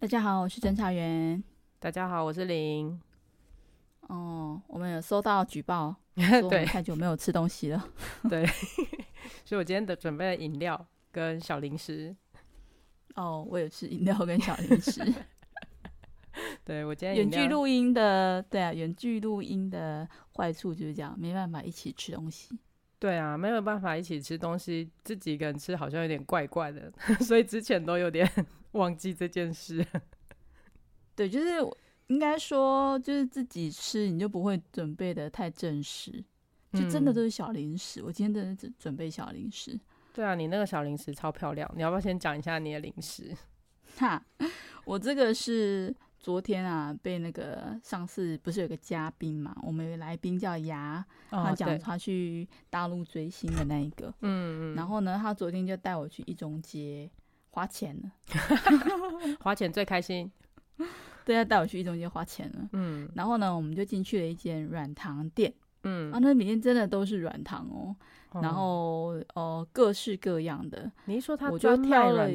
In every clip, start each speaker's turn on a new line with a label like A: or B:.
A: 大家好，我是偵查員、哦。大家好，我是林。哦，我們有收到舉報，對， 太久沒有吃東西了，對，
B: 對所以我今天的準備了飲料跟小零食。
A: 哦，我也吃飲料跟小零食。
B: 對，我今天遠距錄
A: 音的，對啊，遠距錄音的壞處就是這樣，沒辦法一起吃東西。對
B: 啊，沒有辦法一起吃東西，自己一個人吃好像有點怪怪的，所以之前都有點。 忘記這件事，
A: 對，就是應該說，就是自己吃你就不會準備的太正式，嗯，就真的都是小零食。我今天真的只準備小零食。
B: 對啊，你那個小零食超漂亮，你要不要先講一下你的零食？
A: 哈，我這個是昨天啊，被那個上次不是有個嘉賓嘛，我們有來賓叫牙，他、哦、講他去大陸追星的那一個，嗯嗯，然後呢，他昨天就帶我去一中街。花錢了， 花錢最開心。對啊，帶我去一中街花錢了。嗯，然後呢，我們就進去了一間軟糖店。嗯，啊，那裡面真的都是軟糖哦、嗯。然後，哦、呃，各式各樣的。你一說他，我就跳了。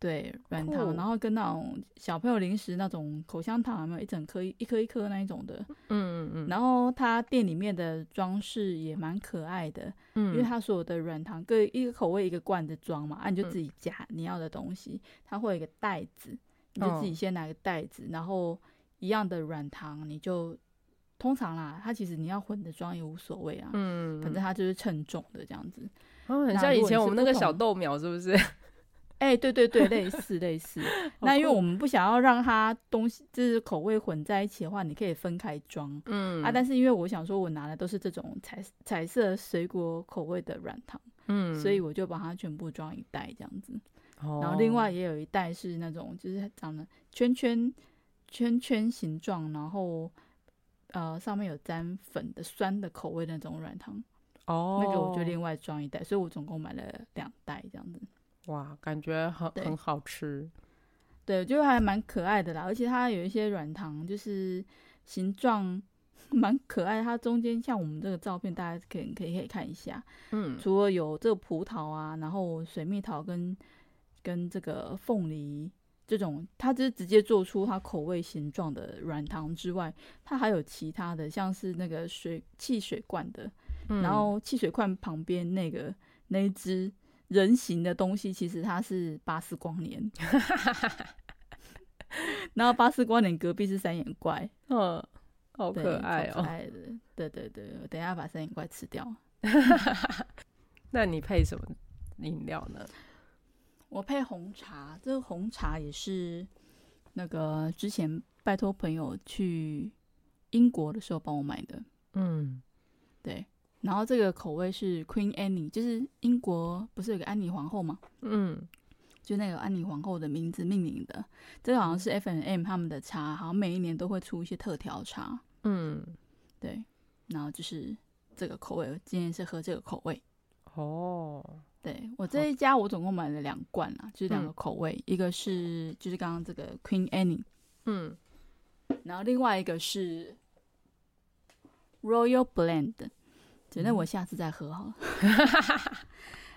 A: 對軟糖，然後跟那種小朋友零食那種口香糖有沒有？還有一整顆一顆一顆那一種的，嗯，嗯然後他店裡面的裝飾也蠻可愛的、嗯，因為他所有的軟糖各一個口味一個罐子裝嘛，啊、嗯、你就自己夾你要的東西，它會有一個袋子，嗯、你就自己先拿個袋子、哦，然後一樣的軟糖你就通常啦，他其實你要混着裝也無所謂啊，嗯，反正他就是稱重的這樣子，哦，很像以前我們那個小豆苗是不是？ 哎、欸，對對對，類似類似。 那因為我們不想要讓它東西就是口味混在一起的話，你可以分開裝。嗯啊，但是因為我想說，我拿的都是這種彩彩色水果口味的軟糖，嗯，所以我就把它全部裝一袋這樣子，
C: 哦。然後另外
A: 也有一袋是那種就是長的圈圈圈圈形狀，然後呃上面有沾粉的酸的口味的那種軟糖。
B: 哦，那個我就
A: 另外裝一袋，所以我總共買了兩袋這樣子。
B: 哇，感覺很很好吃，
A: 對，就還蠻可愛的啦。而且它有一些軟糖，就是形狀蠻可愛。它中間像我們這個照片，大家可以可以可以看一下。嗯，除了有這個葡萄啊，然後水蜜桃跟跟這個鳳梨這種，它就是直接做出它口味形狀的軟糖之外，它還有其他的，像是那個水汽水罐的，嗯，然後汽水罐旁邊那個那一隻。人形的東西，其實它是巴斯光年 然後巴斯光年隔壁是三眼怪，哦，好可愛哦，喔，可愛的，對對對，我等一下把三眼怪吃掉， 那你配什麼飲料呢？我配紅茶，這個紅茶也是那個之前拜託朋友去英國的時候幫我買的，嗯，對。然後這個口味是 Queen Anne，就是英國不是有個安妮皇後嗎？嗯，就那個安妮皇後的名字命名的。這個好像是 F and M 他們的茶，好像每一年都會出一些特調茶。嗯，對。然後就是這個口味，我今天是喝這個口味。哦，對我這一家我總共買了兩罐，啊，就是兩個口味，嗯，一個是就是剛剛這個 Queen Anne，嗯，然後另外一個是 Royal Blend。等那我下次再喝好了哈。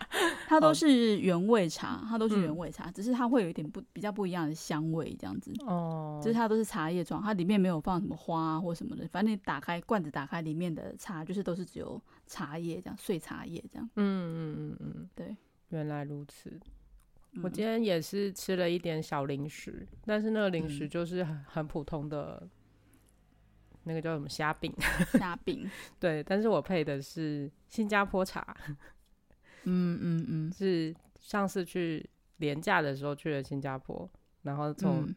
A: 它都是原味茶，它都是原味茶，嗯、只是它會有一點不比較不一樣的香味這樣子。哦、嗯，就是它都是茶葉裝，它裡面沒有放什麼花、啊、或什麼的，反正你打開罐子打開，裡面的茶就是都是只有茶葉這樣，碎茶葉這樣。
B: 嗯嗯嗯嗯，對，原來如此。我今天也是吃了一點小零食，嗯、但是那個零食就是很很普通的。那個叫什麼蝦餅？蝦餅， 對。但是我配的是新加坡茶。 嗯嗯嗯，是上次去連假的時候去了新加坡，然後從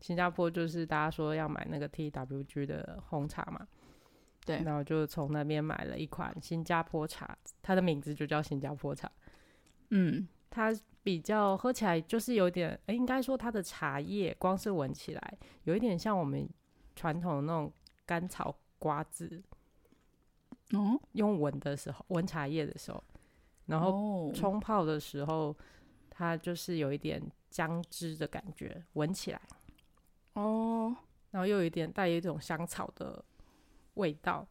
B: 新加坡就是大家說要買那個 T W G 的紅茶嘛。對、嗯。然後就從那邊買了一款新加坡茶，它的名字就叫新加坡茶。嗯，它比較喝起來就是有點，哎、欸，應該說它的茶葉光是聞起來有一點像我們傳統的那種。甘草瓜子，嗯，用聞的時候，聞茶葉的時候，然後沖泡的時候、哦，它就是有一點薑汁的感覺，聞起來，
C: 哦，然後
B: 又有一點帶一種香草的味道，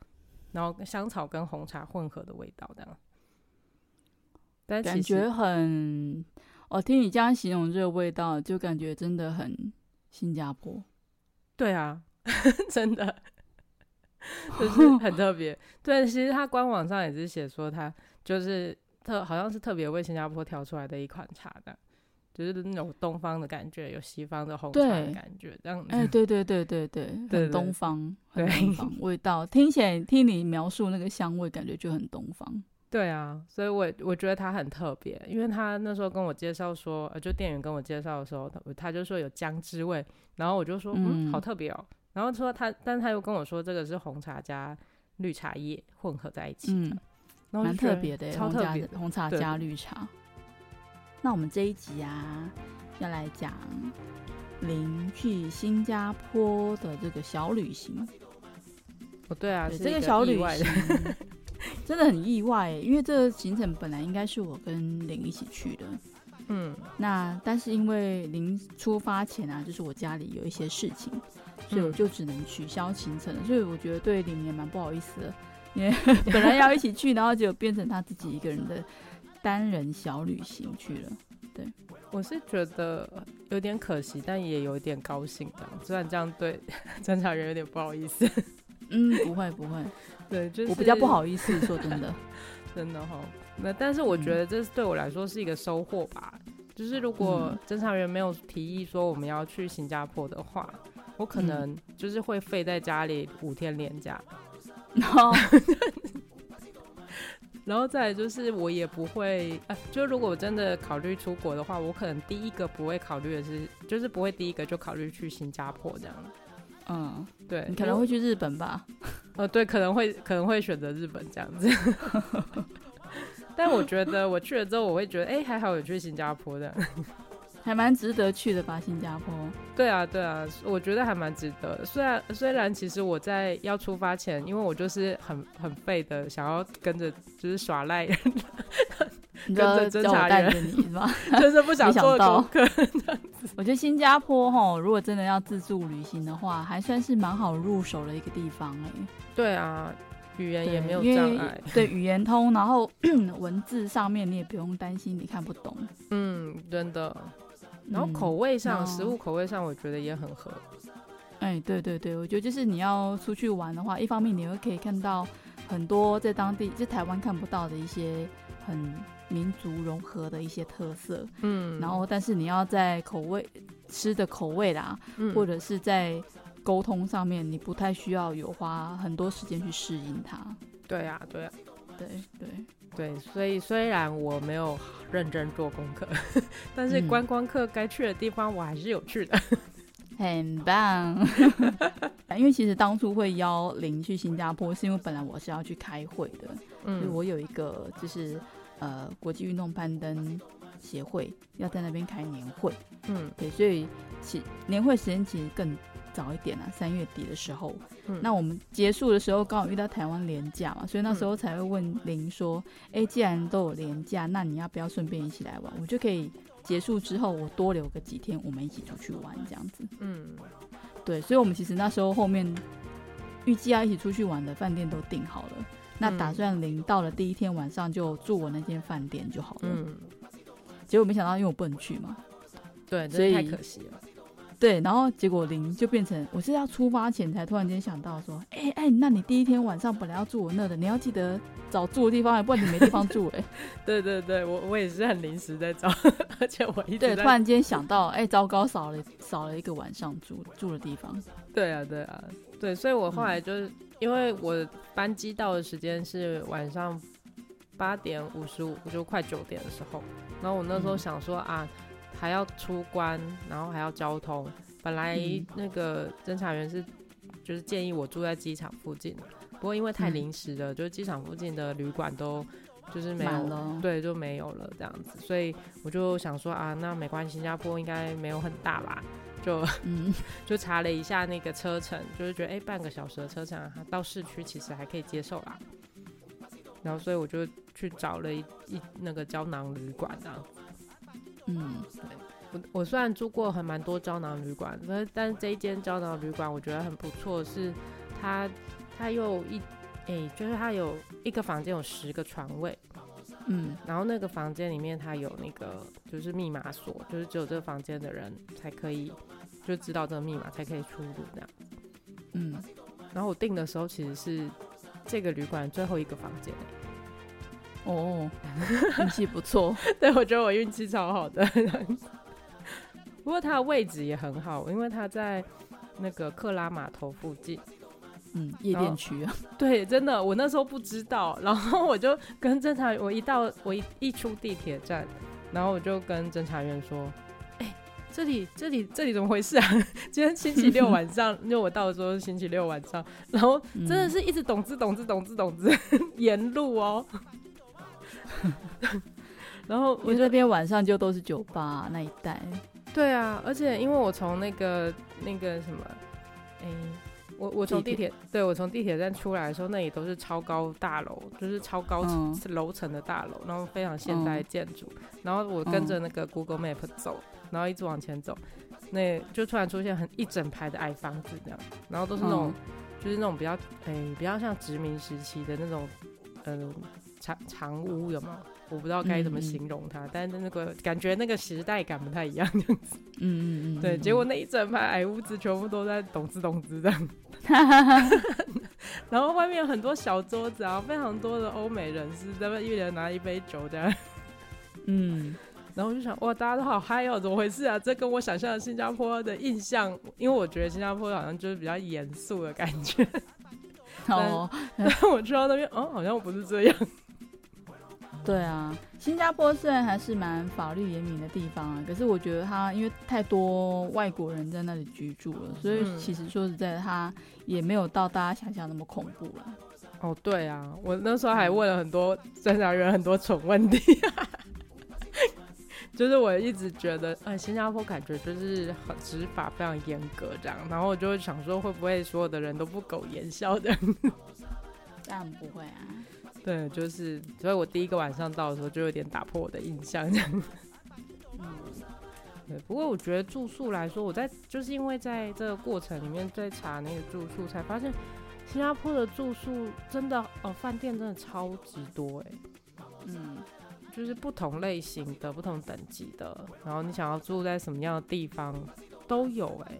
B: 然後香草跟紅茶混合的味道，這樣，
A: 但感覺很，我、哦、聽你這樣形容這個味道，就感覺真的很新加坡，對啊， 真
B: 的。 就是很特別，對，其實他官網上也是寫說，他就是特，好像是特別為新加坡調出來的一款茶的，就是那種東方的感覺，有西方的紅茶的感覺，這樣子。哎、欸，對對
A: 對對對，對對對，很東方，對對對，很東方，很東方，對 味道。聽起來聽你描述那個香味，感覺就很東方。
B: 對啊，所以我我覺得它很特別，因為他那時候跟我介紹說，呃、就店員跟我介紹的時候，他他就說有薑汁味，然後我就說嗯，好特別哦。然後說他，但他又跟我說，這個是紅茶加綠茶葉混合在一起，嗯、就是，蠻特別的，超特別，紅，紅茶加綠
A: 茶。那我們這一集啊，要來講零去新加坡的這個小旅行。哦，
B: 對啊，這個旅是這小旅
A: 行 真的很意外，因為這個行程本來應該是我跟零一起去的，嗯，那但是因為零出發前啊，就是我家裡有一些事情。所以我就只能取消行程，所以我覺得對你也蠻不好意思的，因、yeah, 為 本來要一起去，然後結果變成他自己一個人的單人小旅行去了。對，我是覺得
B: 有點可惜，但也有一點高興的。雖然這樣對偵查員有點不好意思。嗯，不會不會。對，就是我比較不好意思，說真的， 真的哈。那但是我覺得這是對我來說是一個收穫吧、嗯。就是如果偵查員沒有提議說我們要去新加坡的話。我可能就是會廢在家裡五天連假，然後、嗯， 然後再來就是我也不會，呃、就如果我真的考慮出國的話，我可能第一個不會考慮的是，就是不會第一個就考慮去新加坡這樣。嗯，
A: 對，你可能會去
B: 日本吧？呃，對，可能會可能會選擇日本這樣子。 但我覺得我去了之後，我會覺得，哎、欸，還好有去新加坡的。
A: 還蠻值得去的吧，新加坡。
B: 對啊，對啊，我覺得還蠻值得。雖然雖然，其實我在要出發前，因為我就是很很廢的，想要跟着就是耍賴，你知
A: 道，跟着偵查員是吧？真是不想做功課 我覺得新加坡哈，如果真的要自助旅行的話，還算是蠻好入手的一個地方哎、欸。對啊，語言也沒有障礙，對,對語言通，然後 文字上面你也不用擔心你看不懂。嗯，真的。然後口味上，嗯、食物口味上，我覺得也很合。哎、欸，對對對，我覺得就是你要出去玩的話，一方面你會可以看到很多在當地就台灣看不到的一些很民族融合的一些特色，
C: 嗯。然後，
A: 但是你要在口味吃的口味啦、嗯，或者是在溝通上面，你不太需要有花很多時間去適應它。對啊，對啊，對。對
B: 對，所以雖然我沒有認真做功課，但是觀光客該去的地方我還是有去的，
A: 嗯，很棒。 因為其實當初會邀零去新加坡，是因為本來我是要去開會的，嗯，所以我有一個就是呃國際運動攀登協會要在那邊開年會，嗯，對，所以其年會時間其實更早一點啊，三月底的時候、嗯，那我們結束的時候剛好遇到台灣連假嘛，所以那時候才會問林說：“哎、嗯欸，既然都有連假，那你要不要順便一起來玩？我就可以結束之後，我多留個幾天，我們一起出去玩這樣子。”嗯，對，所以我們其實那時候後面預計要一起出去玩的飯店都訂好了、嗯，那打算林到了第一天晚上就住我那間飯店就好了。嗯，結果沒想到因為我不能去嘛，嗯、對，所以是太可惜了。對，然後結果零就變成我是要出發前才突然間想到說，哎哎，那你第一天晚上本來要住我那的，你要記得找住的地方，要不然你沒地方住哎、欸。
B: 對對對，我我也是很臨時在找，而且我一直在。對，突然間想
A: 到，哎，糟糕，少了少了一個晚上住住的地方。
B: 對啊，對啊，對，所以我後來就是、嗯、因為我班機到的時間是晚上八點五十五，就快九點的時候，然後我那時候想說啊。嗯還要出關，然後還要交通。本來那個偵查員是，就是建議我住在機場附近，不過因為太臨時的、嗯，就是機場附近的旅館都就是沒有，了，對，就沒有了這樣子。所以我就想說啊，那沒關係，新加坡應該沒有很大吧？就、嗯、 就查了一下那個車程，就是覺得哎、欸，半個小時的車程、啊、到市區其實還可以接受啦。然後所以我就去找了一一那個膠囊旅館啊。嗯，對我，我雖然住過很蠻多膠囊旅館，但是但是這一間膠囊旅館我覺得很不錯，是它它又一誒、欸，就是它有一個房間有十個床位，嗯，然後那個房間裡面它有那個就是密碼鎖，就是只有這個房間的人才可以就知道這個密碼才可以出入那樣，嗯，然後我訂的時候其實是這個旅館最後一個房間、欸。
A: 哦，運氣不錯。
B: 對，我覺得我運氣超好的。 不過他的位置也很好，因為他在那個克拉碼頭附近。嗯，oh,
A: 夜店區啊。
B: 對，真的，我那時候不知道，然後我就跟偵查員，我一到，我一一出地鐵站，然後我就跟偵查員說：“哎、欸，這裡，這裡，這裡怎麼回事啊？ 今天星期六晚上，因 為我到的時候是星期六晚上，然後真的是一直咚茲，咚茲，咚茲，咚茲，沿路哦。”
A: 然後我這邊晚上就都是酒吧、啊、那一帶。
B: 對啊，而且因為我從那個那個什麼，誒我我從地鐵，地鐵對，我從地鐵站出來的時候，那裡都是超高大樓，就是超高層、嗯、樓層的大樓，然後非常現代建築、嗯。然後我跟着那個 Google Map 走，然後一直往前走，嗯、那就突然出現很一整排的矮房子這樣，然後都是那種、嗯、就是那種比較哎比較像殖民時期的那種嗯。呃長屋的嘛，我不知道該怎麼形容它，嗯、但是那個感覺那個時代感不太一樣這樣子。嗯、就、嗯、是、嗯。
C: 對嗯，結
B: 果那一整排矮屋子全部都在咚吱咚吱的，哈哈哈、哈。 然後外面有很多小桌子啊，非常多的歐美人士在那邊一人拿一杯酒這樣。嗯。然後我就想，哇，大家都好嗨哦、喔，怎麼回事啊？這跟我想象的新加坡的印象，因為我覺得新加坡好像就是比較嚴肅的感覺。 好哦 但。但我去到那邊，哦，好像不是這樣。
A: 對啊，新加坡雖然還是蠻法律嚴明的地方啊，可是我覺得它因為太多外國人在那裡居住了，所以其實說實在，它也沒有到大家想象那麼恐怖了。
B: 哦，對啊，我那時候還問了很多偵查員、嗯、人很多蠢問題、啊， 就是我一直覺得，嗯、啊，新加坡感覺就是很執法非常嚴格這樣，然後我就會想說，會不會所有的人都不苟言笑的？當
A: 然不會啊。
B: 對，就是，所以我第一個晚上到的時候就有點打破我的印象，這 樣、嗯。對，不過我覺得住宿來說，我在就是因為在這個過程裡面在查那個住宿，才發現新加坡的住宿真的，呃、哦，飯店真的超級多，哎，嗯，就是不同類型的、不同等級的，然後你想要住在什麼樣的地方
A: 都有，哎，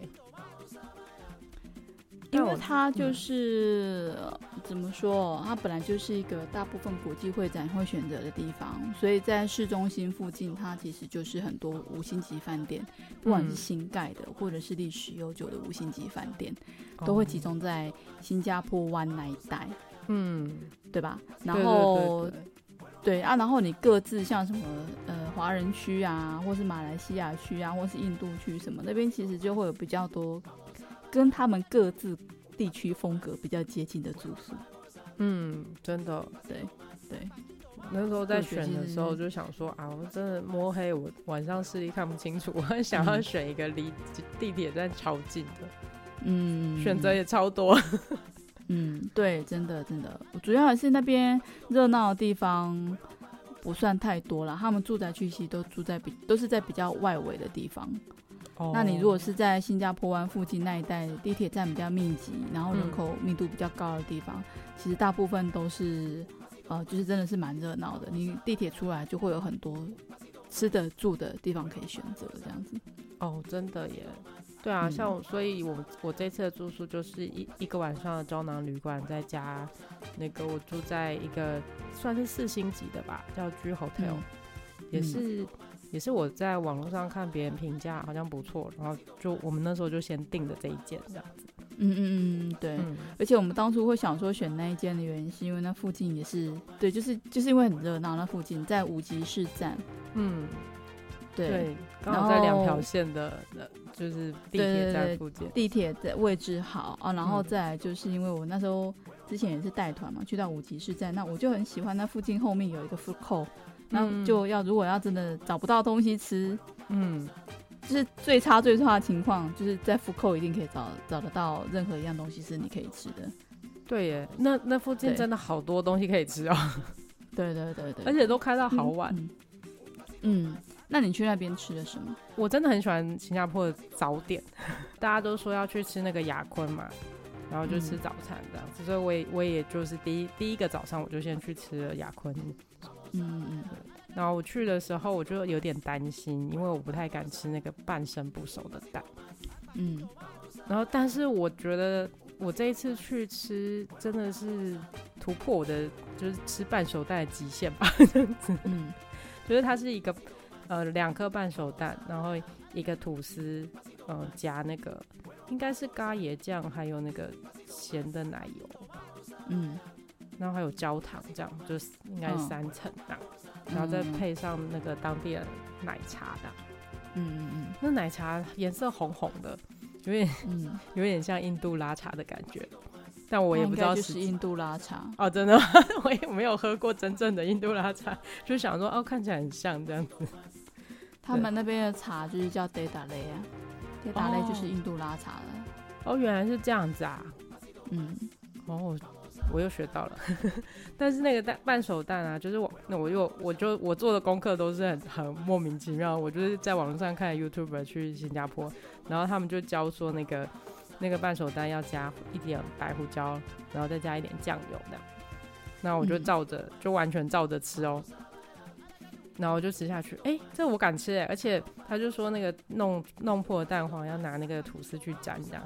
A: 因為它就是。嗯怎麼說？它本來就是一個大部分國際會展會選擇的地方，所以在市中心附近，它其實就是很多五星級飯店，不管是新蓋的或者是歷史悠久的五星級飯店，都會集中在新加坡灣那一帶，嗯，對吧？嗯、然後，對，對，對，對，對啊，然後你各自像什麼呃華人區啊，或是馬來西亞區啊，或是印度區什麼那邊，其實就會有比較多跟他們各自。地區風格比較接近的住宿，嗯，真的，對，對。那時
B: 候在選的時候就想說就啊，我真的摸黑，我晚上視力看不清楚，我想要選一個離、嗯、地鐵站超近的，
A: 嗯，選擇也超多，嗯，對，真的，真的，我主要還是那邊熱鬧的地方不算太多了，他們住宅區係都住在比都是在比較外圍的地方。Oh. 那你如果是在新加坡灣附近那一帶，地鐵站比較密集，然後人口密度比較高的地方，嗯、其實大部分都是，呃，就是真的是蠻熱鬧的。你地鐵出來就會有很多吃的、住的地方可以選擇，這樣子。哦、oh，真的耶。對啊、嗯，像我，
B: 所以我，我我這次的住宿就是一一個晚上的膠囊旅館，再加那個我住在一個算是四星級的吧，叫 G Hotel、嗯、也是。嗯也是我在網絡上看別人評價好像不錯，然後就我們那時候就先訂的這一間這樣
A: 子。嗯嗯嗯嗯，對嗯。而且我們當初會想說選那一間的原因，是因為那附近也是，對，就是就是因為很熱鬧，那附近在五級市站。嗯，對。對然後在兩條
B: 線的，就是地鐵站附近。
A: 對對對對對地鐵的位置好啊，然後再就是因為我那時候之前也是帶團嘛，去到五級市站，那我就很喜歡那附近後面有一個 food court 嗯、那就要，如果要真的找不到東西吃，嗯，就是最差最差的情況，就是在復扣，一定可以找找得到任何一樣東西是你可以吃的。
B: 對耶，那
A: 那附近真的
B: 好多東西可以吃哦，喔，
A: 對，對對對對，而且都開到好晚，嗯嗯。嗯，那你去那邊吃了什麼？我真的很喜歡
B: 新加坡的早點， 大家都說要去吃那個亞坤嘛，然後就吃早餐這樣子，嗯、所以我也我也就是第一第一個早上我就先去吃了亞坤。嗯嗯嗯嗯，然後我去的時候我就有點擔心，因為我不太敢吃那個半生不熟的蛋。嗯，然後但是我覺得我這一次去吃真的是突破我的就是吃半熟蛋的極限吧，這樣子。嗯，就是它是一個呃兩顆半熟蛋，然後一個吐司，嗯、呃，加那個應該是咖椰醬，還有那個鹹的奶油。嗯。然後還有焦糖，這樣就是應該是三層這樣、嗯、然後再配上那個當地人奶茶這樣。嗯嗯嗯。那奶茶顏色紅紅的，有點嗯，有點像印度拉茶的感覺，但我也不知道是印度拉茶。哦，真的嗎？ 我也沒有喝過真正的印度拉茶，就想說哦，看起來很像這樣子。
A: 他們那邊的茶就是叫 Data Le 呀 Data Le 就是印度拉茶了。
B: 哦，原來是這樣子啊。嗯。哦。我又學到了，呵呵，但是那個蛋半熟蛋啊，就是我那我又我就我做的功課都是很很莫名其妙。我就是在網上看了 YouTuber 去新加坡，然後他們就教說那個那個半熟蛋要加一點白胡椒，然後再加一點醬油那樣，那我就照着，嗯、就完全照着吃哦，然後我就吃下去。哎、欸，這我敢吃哎！而且他就說那個弄弄破的蛋黃要拿那個吐司去粘這樣，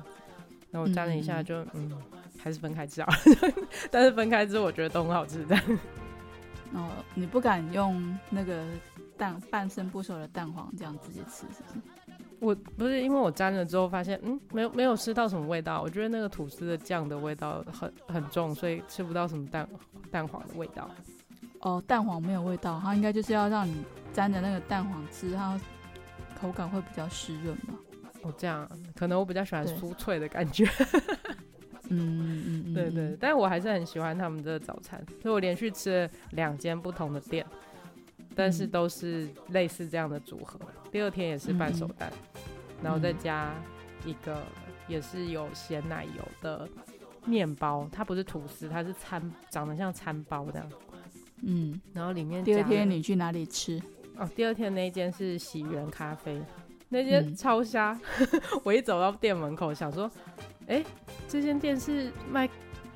B: 那我粘了一下就嗯。嗯還是分開吃啊，但是分開吃我覺得都很好吃。哦，
A: 你不敢用那個蛋半生不熟的蛋黃這樣直接吃是不是？我
B: 不是，因為我沾了之後發現，嗯，沒有沒有吃到什麼味道。我覺得那個吐司的醬的味道很很重，所以吃不到什麼蛋蛋黃的味道。
A: 哦，蛋黃沒有味道，它應該就是要讓你沾着那個蛋黃吃，它口感會比較濕潤嘛。
B: 哦，這樣，可能我比較喜歡酥脆的感覺。嗯
C: 嗯嗯，對對、嗯嗯，
B: 但我還是很喜歡他們的早餐，所以我連續吃了兩間不同的店，但是都是類似這樣的組合。嗯、第二天也是半熟蛋、嗯，然後再加一個也是有鮮奶油的麵包，它不是吐司，它是餐長得像餐包的。嗯，然後裡面。第二天你
A: 去哪裡吃？
B: 哦、啊，第二天那一間是喜源咖啡，
A: 那間超瞎，嗯、
B: 我一走到店門口想說，
A: 哎、欸。這間店是賣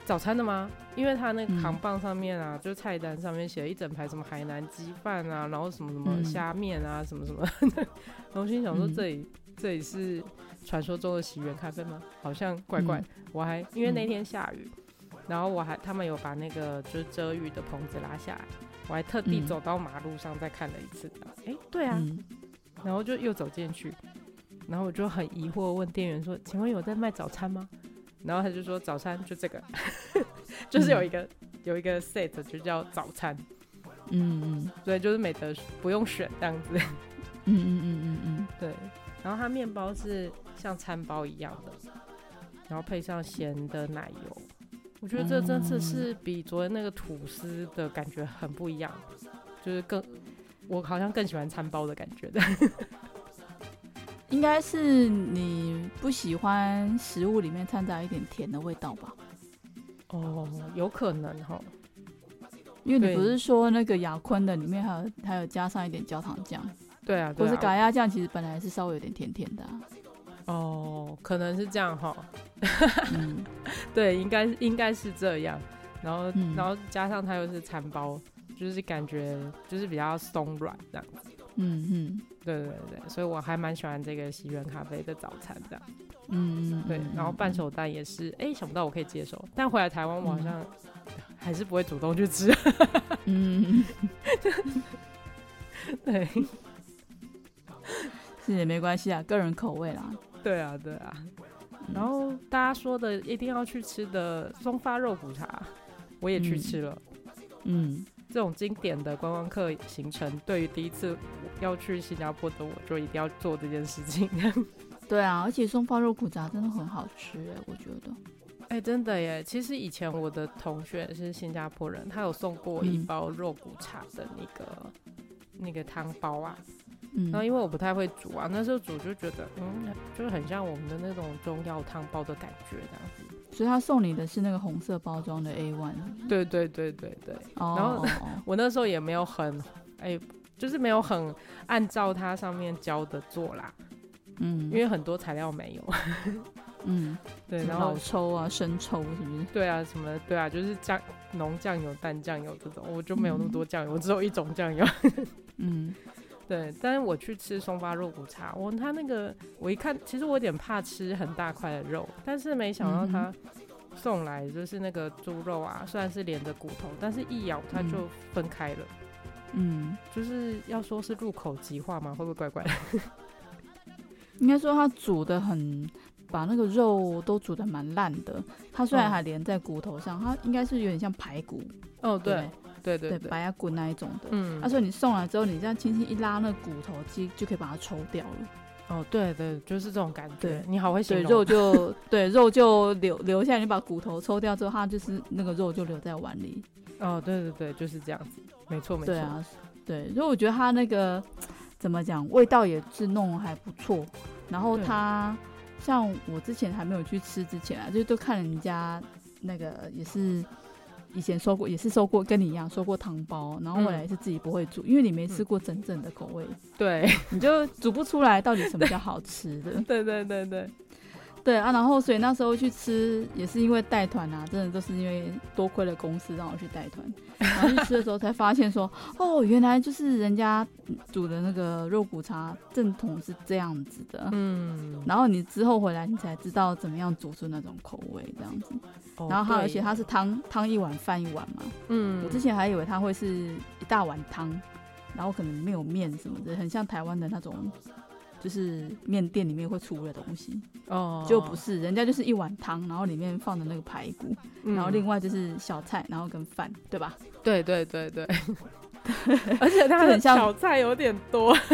B: 早餐的嗎？因為他那個扛棒上面啊、嗯，就菜單上面寫了一整排什麼海南雞飯啊，然後什麼什麼蝦麵啊，什麼什麼。嗯、 然後我心想說，這裡、嗯、這裡是傳說中的喜源咖啡嗎？好像怪怪。嗯、我還因為那天下雨，嗯、然後我還他們有把那個就是遮雨的棚子拉下來，我還特地走到馬路上再看了一次。哎、嗯，對啊、嗯，然後就又走進去，然後我就很疑惑問店員說、嗯，請問有在賣早餐嗎？然後他就說早餐就這個， 就是有一個、嗯、有一個 set 就叫早餐，嗯，所以就是沒得不用選這樣子，嗯嗯嗯嗯嗯，對。然後它麵包是像餐包一樣的，然後配上鹹的奶油，我覺得這真的是比昨天那個吐司的感覺很不一樣，就是更我好像更喜歡餐包的感覺的。
A: 應該是你不喜歡食物裡面摻雜一點甜的味道吧？哦，有可能哈，因為你不是說那個亞坤的裡面還有還有加上一點焦糖醬，啊，
B: 對啊，或是咖椰
A: 醬，其實本來是稍微有點甜甜的，啊。
B: 哦，可能是這樣哈、 嗯，
A: 對，
B: 應該應該是這樣，然後，嗯、然後加上它又是餐包，就是感覺就是比較鬆軟這樣子。嗯嗯，對對對，所以我還蠻喜歡這個西園咖啡的早餐的。嗯嗯，對。然後半熟蛋也是，哎，想不到我可以接受。但回來台灣，我好像還是不會主動去吃。 嗯，
A: 對，是也沒關係啊，個人口味啦。對
B: 啊，對啊、嗯。然後大家說的一定要去吃的松發肉骨茶，我也去吃了。嗯。嗯這種經典的觀光客行程，對於第一次要去新加坡的我，就一定要做這件事情。
A: 對啊，而且松發肉骨茶真的很好吃，欸，哎，我覺得，哎、欸，真的耶。
B: 其實以前我的同學是新加坡人，他有送過一包肉骨茶的那個、嗯、那個湯包啊、嗯。然後因為我不太會煮啊，那時候煮就覺得，嗯，就是很像我們的那種中藥湯包的感覺這樣子。
A: 所以他送你的是那個紅色包裝的 A one，對對對對對。Oh, 然後 oh, oh. 我
B: 那時候也沒有很哎、欸，就是沒有很按照它上面教的做啦，嗯，因為很多材料沒有。 嗯，
A: 對，然後老抽啊、生抽是是、啊、什麼，
B: 對啊，什麼對啊，就是醬、濃醬油、淡醬油這種，我就沒有那麼多醬油，我、嗯、只有一種醬油。 嗯。對，但是我去吃松發肉骨茶，我他那個我一看，其實我有點怕吃很大塊的肉，但是沒想到他送來就是那個豬肉啊、嗯，雖然是連着骨頭，但是一咬它就分開了。嗯，就是要說是入口即化嗎？會不會怪怪的？
A: 應該說它煮的很，把那個肉都煮的蠻爛的，它雖然還連在骨頭上，它、嗯、應該是有點像排骨。哦，對。對對對，對對對，白牙骨那一種的，嗯，他、啊、說，你送來之後，你這樣輕輕一拉，那個骨頭就就可以把它抽掉
B: 了。哦，對對，就是這種感覺。你好會形容。肉就
A: 對，肉就留留下來，你把骨頭抽掉之後，它就是那個肉就留在碗裡。
B: 哦，對對對，就是這樣子，沒錯沒錯。對啊，
A: 對，所以我覺得它那個怎麼講，味道也是弄得還不錯。然後他像我之前還沒有去吃之前啊，就都看人家那個也是。以前說過，也是說過，跟你一樣說過湯包，然後後來是自己不會煮，嗯，因為你沒吃過真正的口味，嗯，對，你就煮不出來到底什麼叫好吃的。對對對對，對，對，對啊，然後所以那時候去吃也是因為帶團啊，真的就是因為多虧了公司讓我去帶團，然後去吃的時候才發現說， 哦，原來就是人家煮的那個肉骨茶正統是這樣子的，嗯，然後你之後回來你才知道怎麼樣煮出那種口味這樣子。然後有而且它是湯、哦，湯一碗飯一碗嘛。嗯。我之前還以為它會是一大碗湯，然後可能沒有麵什麼的，很像台灣的那種，就是麵店裡面會出的東西。哦。就不是，人家就是一碗湯，然後裡面放的那個排骨、嗯，然後另外就是小菜，然後跟飯，對吧？
B: 對對對對。 而且它很像小菜有點多。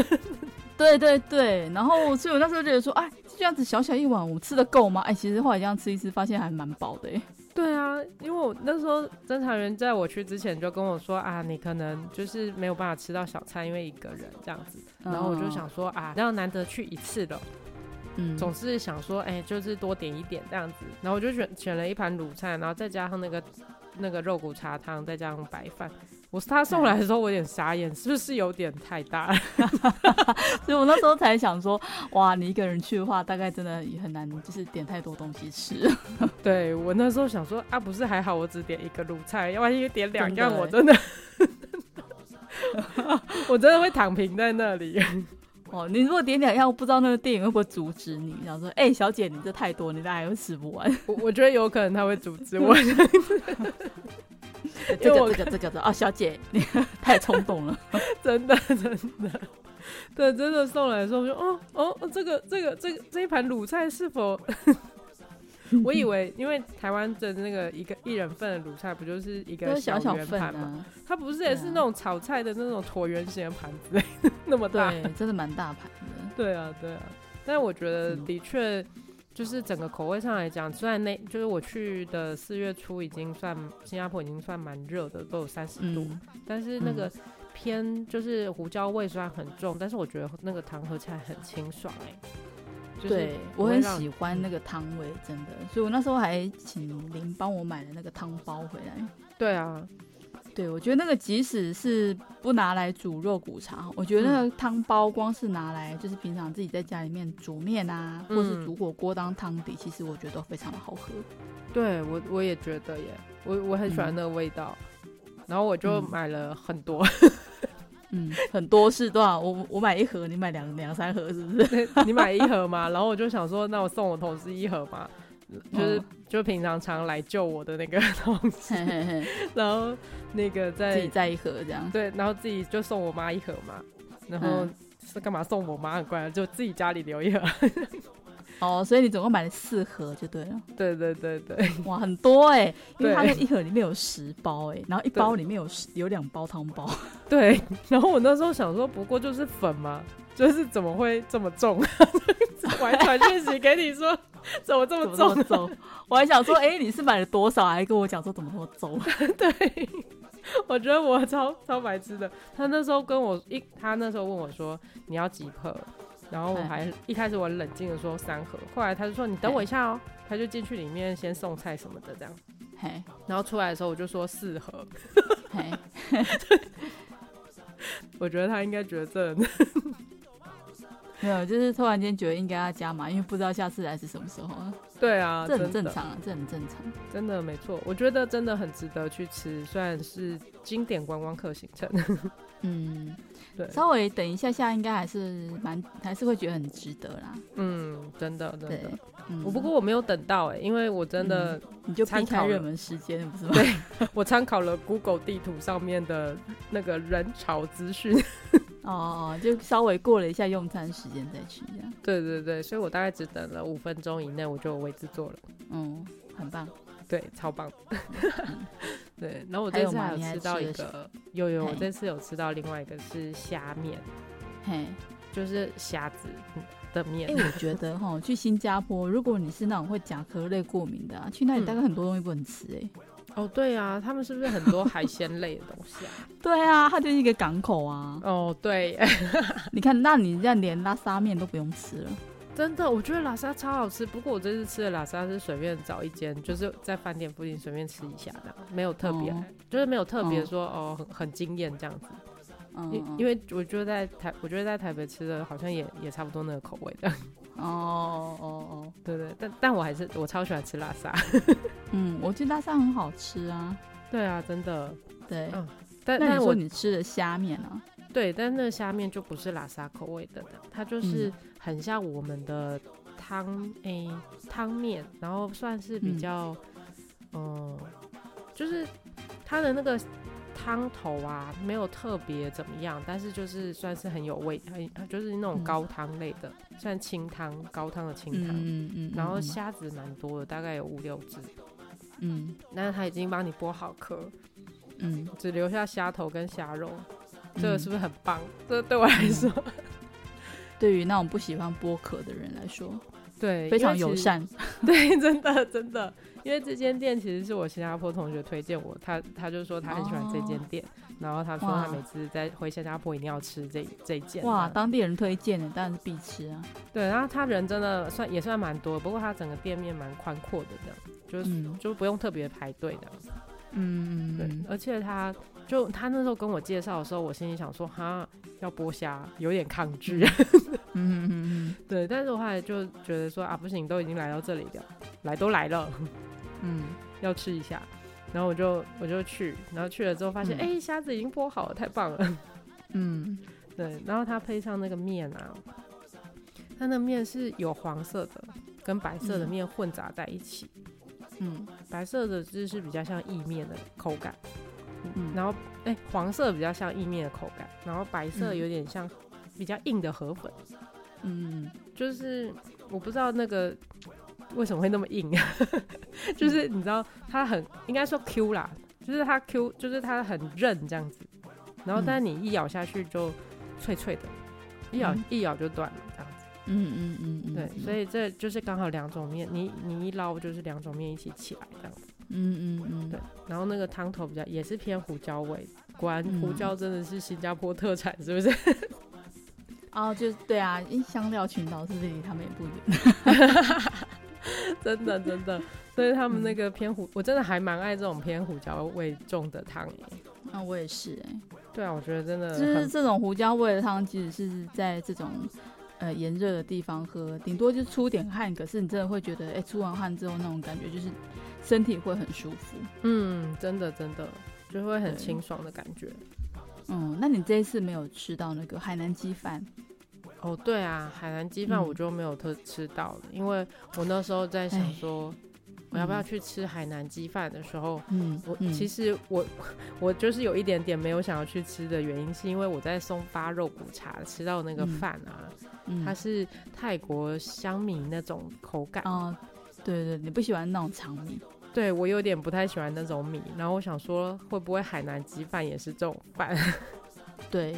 B: 對，
A: 對對對，然後所以我那時候就覺得說，哎。這樣子小小一碗，我吃得夠嗎？哎、欸，其實後來這樣吃一吃，發現還蠻飽的、欸、
B: 對啊，因為我那時候偵查員在我去之前就跟我說啊，你可能就是沒有辦法吃到小菜，因為一個人這樣子。然後我就想說啊，這樣難得去一次了，嗯，
A: 總是
B: 想說哎、欸，就是多點一點這樣子。然後我就選選了一盤滷菜，然後再加上那個那個肉骨茶湯，再加上白飯。我是他送來的時候，我有點傻眼，是不是有點太大了？
A: 所以，我那時候才想說，哇，你一個人去的話，大概真的也很難，就是點太多東西吃。對，我那時候想說
B: 啊，不是還好，我只點一個滷菜，要萬一點兩樣，我真的，
A: 我真的會躺平在那裡。哦，你如果點兩樣，我不知道那個店員會不會阻止你？想說，哎、欸，小姐，你這太多，你大概會吃不完，我，我覺得有可能他會阻止我。 就個這個我、這個這個、這個的啊、哦，小姐，你呵呵太衝動了， 真的真的，
B: 對，真的送來的時候，我說哦哦，這個這個這個這一盤滷菜是否？ 我以為，因為台灣的那個一個一人份的滷菜，不就是一個小、就是、小圓盤嗎？它不是也是那種炒菜的那種橢圓形的盤子的，對
A: 啊、 那麼大，對真的蠻大盤的。
B: 對啊對啊，但我覺得的確。就是整個口味上來講，雖然那就是我去的四月初已經算新加坡已經算蠻熱的，都有三十度，但是那個偏就是胡椒味雖然很重、嗯，但是我覺得那個湯喝起來很清爽哎、欸
A: 就是。對，我很喜歡那個湯味，真的。所以我那時候還請林幫我買了那個湯包回來。對啊。對，我覺得那個即使是不拿來煮肉骨茶，我覺得那個湯包光是拿來就是平常自己在家裡面煮麵啊、嗯，或是煮火鍋當湯底,其實我覺得都非常的好喝。對我，我也覺
B: 得耶，我我很喜歡那個味道、嗯，然後我就買了很多，嗯， 嗯，很多是多少、啊？我我買一盒，你買兩兩三盒是不是？你買一盒嘛， 然後我就想說，那我送我同事一盒嘛、嗯，就是就平常常來救我的那個同事，然後。那個在自己在一盒這樣對，然後自己就送我媽一盒嘛，然後是幹、嗯、嘛送我媽？怪了、啊，就自己家裡留一盒。
A: 哦，所以你總共買了四盒就對了。對對對對。哇，很多哎、欸，因為它那一盒裡面有十包哎、欸，然後一包裡面有十有兩包湯包。
B: 對，然後我那時候想說，不過就是粉嘛，就是怎麼會這麼重？ 我還傳訊息給你說， 怎麼這麼重？怎麼那麼重？
A: 我還想說，哎、欸，你是買了多少？還跟我講說怎麼那麼重？ 對。
B: 我覺得我超超白痴的。他那時候跟我一，他那時候問我說：“你要幾盒？”然後我還、hey. 一開始我冷靜地說：“三盒。”後來他就說：“你等我一下哦、喔。Hey. ”他就進去裡面先送菜什麼的這樣。Hey. 然後出來的時候我就說：“四盒。 ” Hey. Hey. 我覺得他應該覺得這。
A: 沒有，就是突然間覺得應該要加嘛，因為不知道下次來是什麼時候。對啊，這很正常啊，真這很正常。真
B: 的沒錯，我覺得真的很值得去吃，雖然是經典觀光客行程。嗯，
A: 對。稍微等一下下，應該還是蠻，還是會覺得很值得啦。嗯，
B: 真的，真的，嗯。我不過我沒有等到哎，欸，因為我真的參考，嗯、你就避開熱門時間不是嗎？對，我參考了 Google 地圖上面的那個人潮資
A: 訊。 哦、oh, oh,，oh,
B: 就稍微過了一下用餐時間再去，這樣。對對對，所以我大概只等了五分鐘以內，我就有位置坐了。嗯，很棒，對，超棒。 對，然後我這次有,有吃到一個，又有,有、hey. 我這次有吃到另外一個是蝦麵，嘿、hey.，就是蝦子的麵。哎、 欸，我覺
A: 得哈，去新加坡，如果你是那種會甲殼類過敏的、啊，去那裡大概很多東西不能吃哎。嗯
B: 哦，對啊，他們是不是很多海鮮類的東西啊？
A: 對啊，它就是一個港口啊。哦，對， 你看，那你這樣連叻沙麵都不用吃了。
B: 真的，我覺得叻沙超好吃。不過我這次吃的叻沙是隨便找一間，就是在飯店附近隨便吃一下的，沒有特別，哦、就是沒有特別說哦，哦很，很驚豔這樣子。嗯、因因為我覺得在台，我覺得在台北吃的好像也也差不多那個口味的。哦哦哦，對對，但但我還是我超喜歡吃叻沙。
A: 嗯，我覺得叻沙很好吃啊。對啊，真的。對，嗯、但但是你，你吃的蝦麵呢？
B: 對，但那個蝦麵就不是叻沙口味的，它就是很像我們的湯誒湯麵，然後算是比較，嗯，呃、就是它的那個。湯頭啊，沒有特別怎麼樣，但是就是算是很有味，很就是那種高湯類的，嗯、算清湯高湯的清湯。嗯嗯，嗯。然後蝦子蠻多的、嗯，大概有五六隻。嗯。但是他已經幫你剝好殼，嗯，只留下蝦頭跟蝦肉，這個是不是很棒？
A: 嗯、這對我來說、嗯， 對於那種不喜歡剝殼的人來說。對，非常友善。
B: 對，真的真的， 因為這間店其實是我新加坡同學推薦我，他他就說他很喜歡這間店，oh. 然後他說他每次在回新加坡一定要吃這這一間。哇，當
A: 地人推薦的，但是必吃啊。對，然後他人真
B: 的算也算蠻多，不過他整個店面蠻寬闊的，這樣就是、嗯、就不用特別排隊的。嗯、mm -hmm.，對，而且他就他那時候跟我介紹的時候，我心裡想說哈，要剝蝦有點抗拒，嗯、 mm -hmm. 對，但是的話就覺得說啊不行，都已經來到這裡了，來都來了，嗯、 mm，-hmm. 要吃一下，然後我就我就去，然後去了之後發現，哎、mm -hmm. 欸，蝦子已經剝好了，太棒了，嗯、 mm，-hmm. 對，然後他配上那個麵啊，他那麵是有黃色的跟白色的麵混雜在一起。Mm -hmm. 嗯，白色的就是比較像意麵的口感，嗯，然後哎、欸、黃色比較像意麵的口感，然後白色有點像比較硬的河粉，嗯，就是我不知道那個為什麼會那麼硬， 就是你知道它很應該說 Q 啦，就是它 Q 就是它很韌這樣子，然後但你一咬下去就脆脆的，一咬、嗯、一咬就斷了。嗯嗯嗯，嗯，對嗯，所以這就是剛好兩種麵，你你一撈就是兩種麵一起起來這樣子。嗯嗯嗯，對。然後那個湯頭比較也是偏胡椒味，果然胡椒真的是新加坡特產，是不是？哦、嗯
A: 啊，就對啊，因為香料群島是不是離他們也不遠？ 真的真的，所以他們那個偏胡，嗯、我真的還蠻
B: 愛這種偏胡椒味重的湯耶。那、啊、我也是哎。對啊，我覺得真的就是這
A: 種胡椒味的湯，其實是在這種。呃，炎熱的地方喝，頂多就出點汗。可是你真的會覺得，哎、欸，出完汗之後那種感覺就是身體會很舒服。嗯，真的，真的，就會很清爽的感覺。嗯，那你這一次沒有吃到那個海南雞飯？
B: 哦，對啊，海南雞飯我就沒有特吃到了，了、嗯，因為我那時候在想說。我要不要去吃海南雞飯的時候，嗯、我、嗯、其實我我就是有一點點沒有想要去吃的原因，是因為我在松發肉骨茶吃到那個飯啊、嗯嗯，它是泰國香米那種口感啊，嗯、對，對對，你不喜歡那種長米。對，我有點不太喜歡那種米，然後我想說會不會海南雞飯也是這種飯？ 對。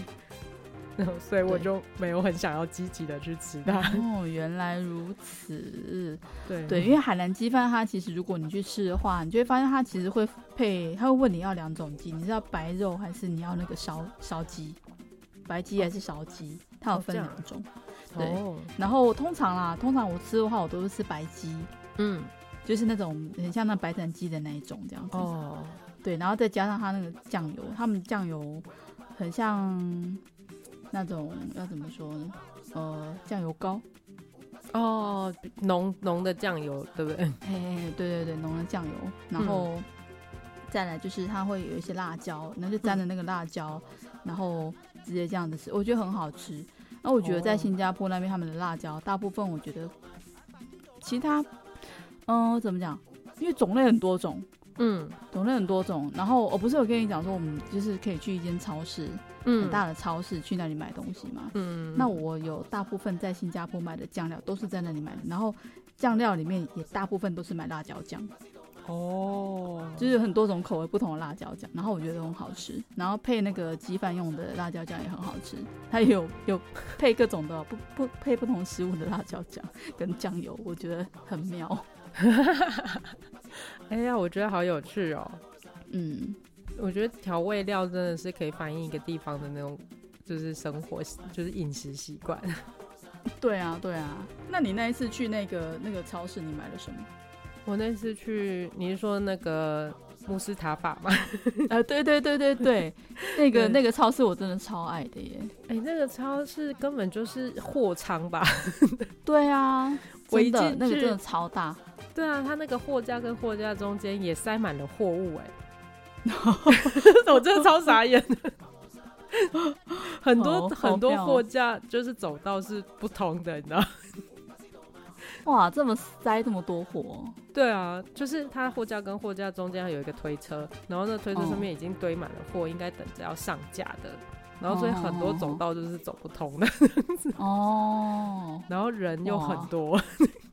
B: 所以我就沒有很想要積極的去吃它。哦，原來如
A: 此。對對，因為海南雞飯它其實如果你去吃的話，你就會發現它其實會配，他會問你要兩種雞，你是要白肉還是你要那個燒燒雞？白雞還是燒雞？哦。它有分兩種。哦、對。哦。然後通常啦，通常我吃的話，我都是吃白雞。嗯。就是那種很像那白斬雞的那一種這樣子。哦。對，然後再加上它那個醬油，他們醬油很像。那種要怎麼說呢？呃，醬油膏，哦，濃濃的醬油，對不對？嘿嘿嘿對對對，濃的醬油，然後、嗯、再來就是它會有一些辣椒，那就沾着那個辣椒、嗯，然後直接這樣子吃，我覺得很好吃。那我覺得在新加坡那邊，他們的辣椒大部分我覺得，其他，嗯、呃，怎麼講？因為種類很多種。嗯，種類很多種。然後，我、哦、不是有跟你講說，我們就是可以去一間超市、嗯，很大的超市，去那裡買東西嘛。嗯，那我有大部分在新加坡買的醬料都是在那裡買的。然後，醬料裡面也大部分都是買辣椒醬。哦，
B: 就
A: 是很多種口味不同的辣椒醬。然後我覺得很好吃。然後配那個雞飯用的辣椒醬也很好吃。它有有配各種的，不不配不同食物的辣椒醬跟醬油，我覺得很妙。
B: 哎呀，我覺得好有趣哦。
A: 嗯，
B: 我覺得調味料真的是可以反映一個地方的那種，就是生活習就是飲食習慣。
A: 對啊，對啊。那你那一次去那個那個超市，你買了什麼？
B: 我那次去，你是說那個穆斯塔法嗎？
A: 啊，對對對對對，對 那個、嗯、那個超市我真的超愛的耶。
B: 哎、欸，那個超市根本就是貨倉吧？
A: 對啊，真的我，那個真的超大。
B: 對啊，他那個貨架跟貨架中間也塞滿了貨物哎、欸，oh, 我真的超傻眼
A: 的，
B: 很多、oh, 很多貨架就是走道是不同的，你知
A: 道哇，這麼塞這麼多貨，
B: 對啊，就是他貨架跟貨架中間還有一個推車，然後那個推車上面已經堆滿了貨，oh. 應該等着要上架的，然後所以很多走道就是走不同的
A: 哦， oh.
B: Oh. 然後人又很多。Oh. Oh.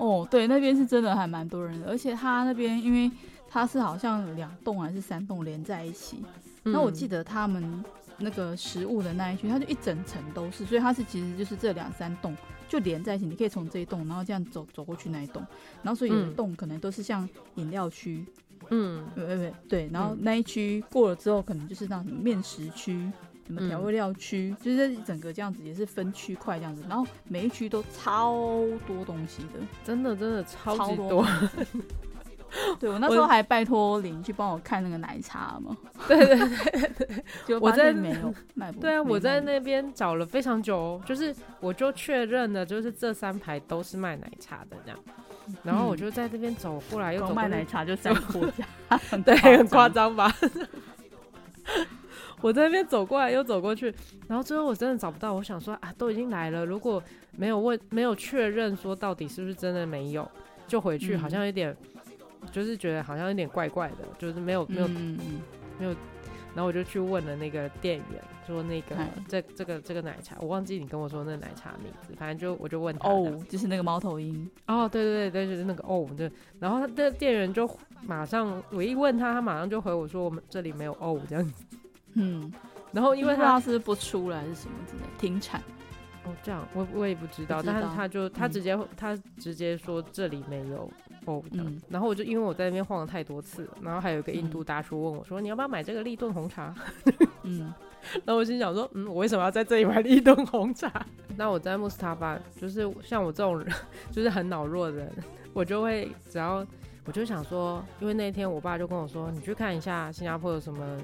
A: 哦，對，那邊是真的還蠻多人的。而且他那邊因為他是好像兩棟還是三棟連在一起，嗯、那我記得他們那個食物的那一區，它就一整層都是，所以它是其實就是這兩三棟就連在一起，你可以從這一棟，然後這樣走走過去那一棟，然後所以有的棟可能都是像飲料區，嗯，對對對，然後那一區過了之後，可能就是那種麵食區。什麼調味料區、嗯，就是整個這樣子也是分區塊這樣子，然後每一區都超多東西的，真的真的超級多。多 對我那時候還拜託零去幫我看那個奶茶嘛。對對對，對 我在沒有賣。對啊，我在
B: 那邊找了非常久，就是我就確認了，就是這三排都是賣奶茶的這樣，嗯、然後我就在這邊走過來又走過來。賣奶茶就三國家。 對，很誇張吧。 我在那邊走過來又走過去，然後最後我真的找不到。我想說啊，都已經來了，如果沒有問，沒有確認說到底是不是真的沒有，就回去、嗯，好像有點，就是覺得好像有點怪怪的，就是沒有沒有嗯嗯沒有。然後我就去問了那個店員，說那個這這個這個奶茶，我忘記你跟我說那個奶茶名字，反正就我就問他，哦，就是那個貓頭鷹，哦，對對對對，就是那個哦，對，然後他的店員就馬上，我一問他，他馬上就回我說我們這裡沒有哦這樣子。嗯，然後因為他，因為他要是，不是不
A: 出來還是什麼之類，停產？哦，這樣，我我也不知道，知道但是他就
B: 他直接、嗯、他直接說這裡沒有哦、嗯。然後我就因為我在那邊晃了太多次，然後還有一個印度大叔問我說：“嗯、你要不要買這個立頓紅茶？” 嗯，然後我心想說：“嗯，我為什麼要在這裡買立頓紅茶？” 那我在穆斯塔巴，就是像我這種人，就是很腦弱的人，我就會只要我就想說，因為那一天我爸就跟我說：“你去看一下新加坡有什麼。”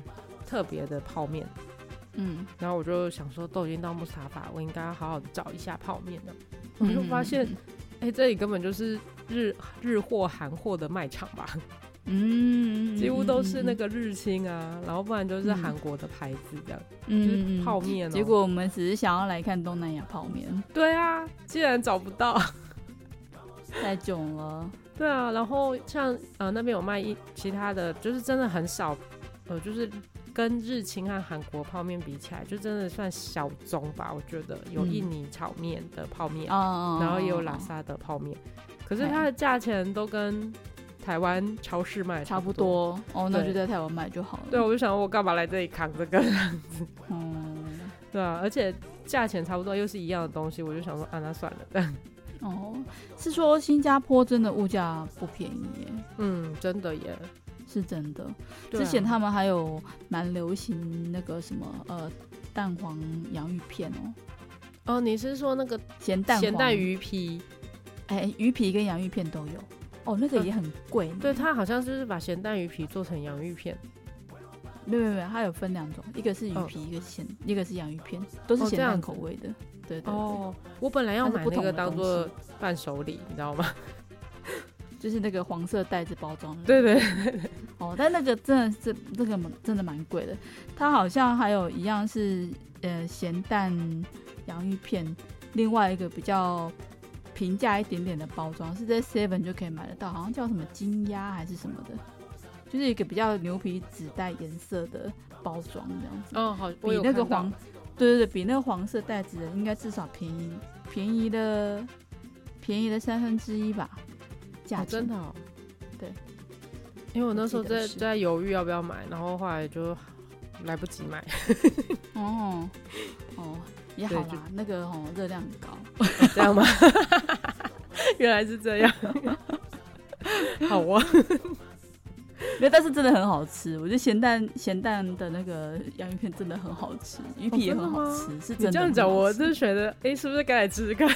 B: 特別的泡麵，嗯，然後我就想說，都已經到穆斯塔法，我應該要好好找一下泡麵了。我就發現，哎、嗯欸，這裡根本就是日日貨、韓貨的賣場吧，嗯，
A: 幾乎都是那個日清啊，嗯、然後不然就是韓國的牌子這樣，嗯、就是泡麵、喔。結果我們只是想要來看東南亞泡麵，
B: 對啊，竟然找不到，
A: 太囧了。對啊，
B: 然後像呃那邊有賣一其他的就是真的很少，呃，就是。跟日清和韓國泡面比起來，就真的算小眾吧、嗯。我覺得有印尼炒麵的泡面、嗯，然後也有叻沙的泡面、嗯，可是它的價錢都跟台灣超市賣差不,差不多。哦，那就在台灣買就好了。對，對我就想我幹嘛來這裡扛這個樣子？嗯、 對啊，而且價錢差不多，又是一樣的東西，我就想說，啊，那算了。這樣 哦，
A: 是說新加坡真的物價不便宜耶？嗯，真的耶。是真的、啊。之前他們還有蠻流行那個什麼呃，蛋黃洋芋片哦、喔。
B: 哦，你是說那個鹹蛋鹹蛋魚
A: 皮？哎、欸，魚皮跟洋芋片都有。哦，那個也很
B: 貴、呃。對，它好像是，不是把鹹蛋魚皮做成洋芋片。嗯、
A: 對沒有沒有有，它有分兩種，一個是魚皮，哦、一個是鹹，一個是洋芋片，哦、都是鹹蛋口味的。對，對對。哦，我本來要買那個當做
B: 伴手禮，你知道嗎？
A: 就是那個黃色袋子包裝。對對，對，對。哦，但那個真的是那、這個真的蠻貴的，它好像還有一樣是呃鹹蛋洋芋片，另外一個比較平價一點點的包裝是在 Seven 就可以買得到，好像叫什麼金鴨還是什麼的，就是一個比較牛皮紙袋顏色的包裝這樣子。哦，好，比那個黃，我有看到。對對對，比那個黃色袋子的應該至少便宜便宜的便宜的三分之一吧，價錢、啊。真的哦。對。因為我那時候在在
B: 猶豫要不要買，然後後來就來不及買。
A: 哦，哦，也好啊，那個哦熱量很高。哦，這樣嗎？ 原來是這樣， 好啊。 沒有，但是真的很好吃。我覺得鹹蛋鹹蛋的那個洋芋片真的很好吃。哦，魚皮也很好吃，真是真的很好吃。這樣講，我是覺得，哎，是不是該來吃吃看，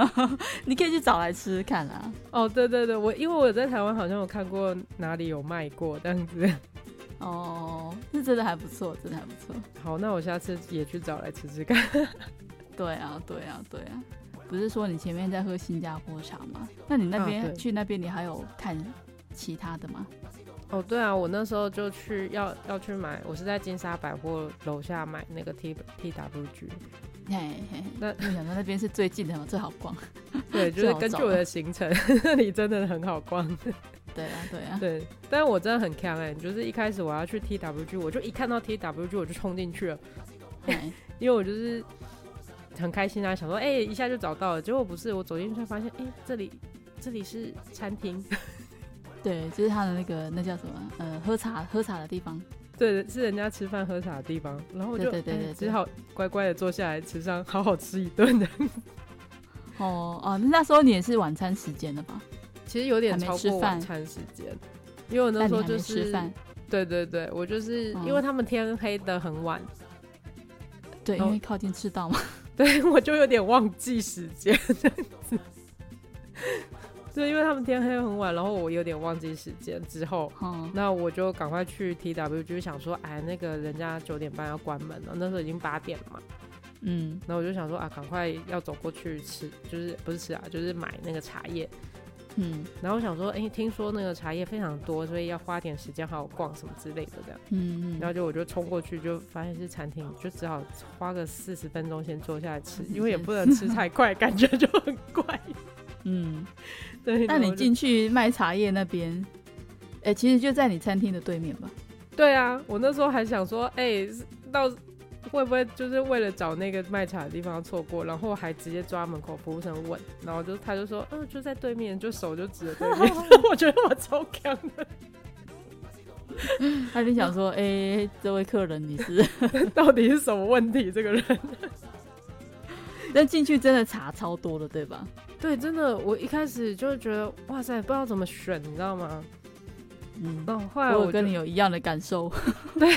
A: 啊？你可以去找來吃吃看啊。
B: 哦，對對對，我因為我在台灣好像有看過哪裡有賣過這樣子。
A: 哦，那真的還不錯，真的還不錯。
B: 好，那我下次也去
A: 找來吃吃看。 對啊，對啊，對啊，對啊。不是說你前面在喝新加坡茶嗎？那你那邊，哦，去那邊，你還有看其他的嗎？哦，
B: 對啊，我那時候就去要要去買，我是在金沙百貨樓下買那個 T T W G。嘿，那我
A: 想到那邊是最近的最好逛。 對，就是根據我的行
B: 程，啊、 那裡真的很好逛。對啊，對啊。對，
A: 但我真的很
B: 強。哎，就是一開始我要去 T W G，我就一看到 T W G，我就衝進去了。對、
A: hey.
B: 因為我就是很開心啊，想說哎、欸，一下就找到了。結果不是，我走進去發現，哎、欸，這裡這裡是餐廳。
A: 對，就是他的那個那叫什麼呃，喝茶喝茶的地方。
B: 對，是人家吃飯喝茶的地方。然後我就只對對對對對、嗯、好乖乖的坐下來吃上好好吃一頓的。
A: 哦哦，那時候你也是晚餐時間的吧？其實有點沒吃飯。餐
B: 時間，因為我那時候就是……吃飯對對對，我就是、嗯、因為他們天黑得很晚。
A: 對，因為靠近赤道嘛。對，我
B: 就有點忘記時間。 對，因為他們天黑很晚，然後我有點忘記時間，之後，嗯、那我就趕快去 TWG，就是想說，哎，那個人家九點半要關門了，那時候已經八點了嘛，嗯，然後我就想說啊，趕快要走過去吃，就是不是吃啊，就是買那個茶葉，嗯，然後我想說，哎，聽說那個茶葉非常多，所以要花點時間好好逛什麼之類的，這樣，嗯嗯，然後就我就衝過去，就發現是餐廳，就只好花個四十分鐘先坐下來吃，因為也不能吃太快， 感覺就很怪。
A: 嗯，對，那你進去賣茶葉那邊，哎，其實就在你餐廳的對面吧。
B: 對啊，我那時候還想說，哎，到會不會就是為了找那個賣茶的地方要錯過，然後還直接抓門口服務生問，然後就他就說，嗯、呃，就在對面，就手就指著對面。 我覺得我超干的。
A: 他 就、啊、想說，哎、 欸，這位客人你是 到底是什麼問題？這個人，但 進去真的茶超多的，對吧？
B: 對，真的，我一開始就覺得哇塞，不知道怎麼選，你知道嗎？嗯，後，後來我，我跟你
A: 有一樣的感受。 對，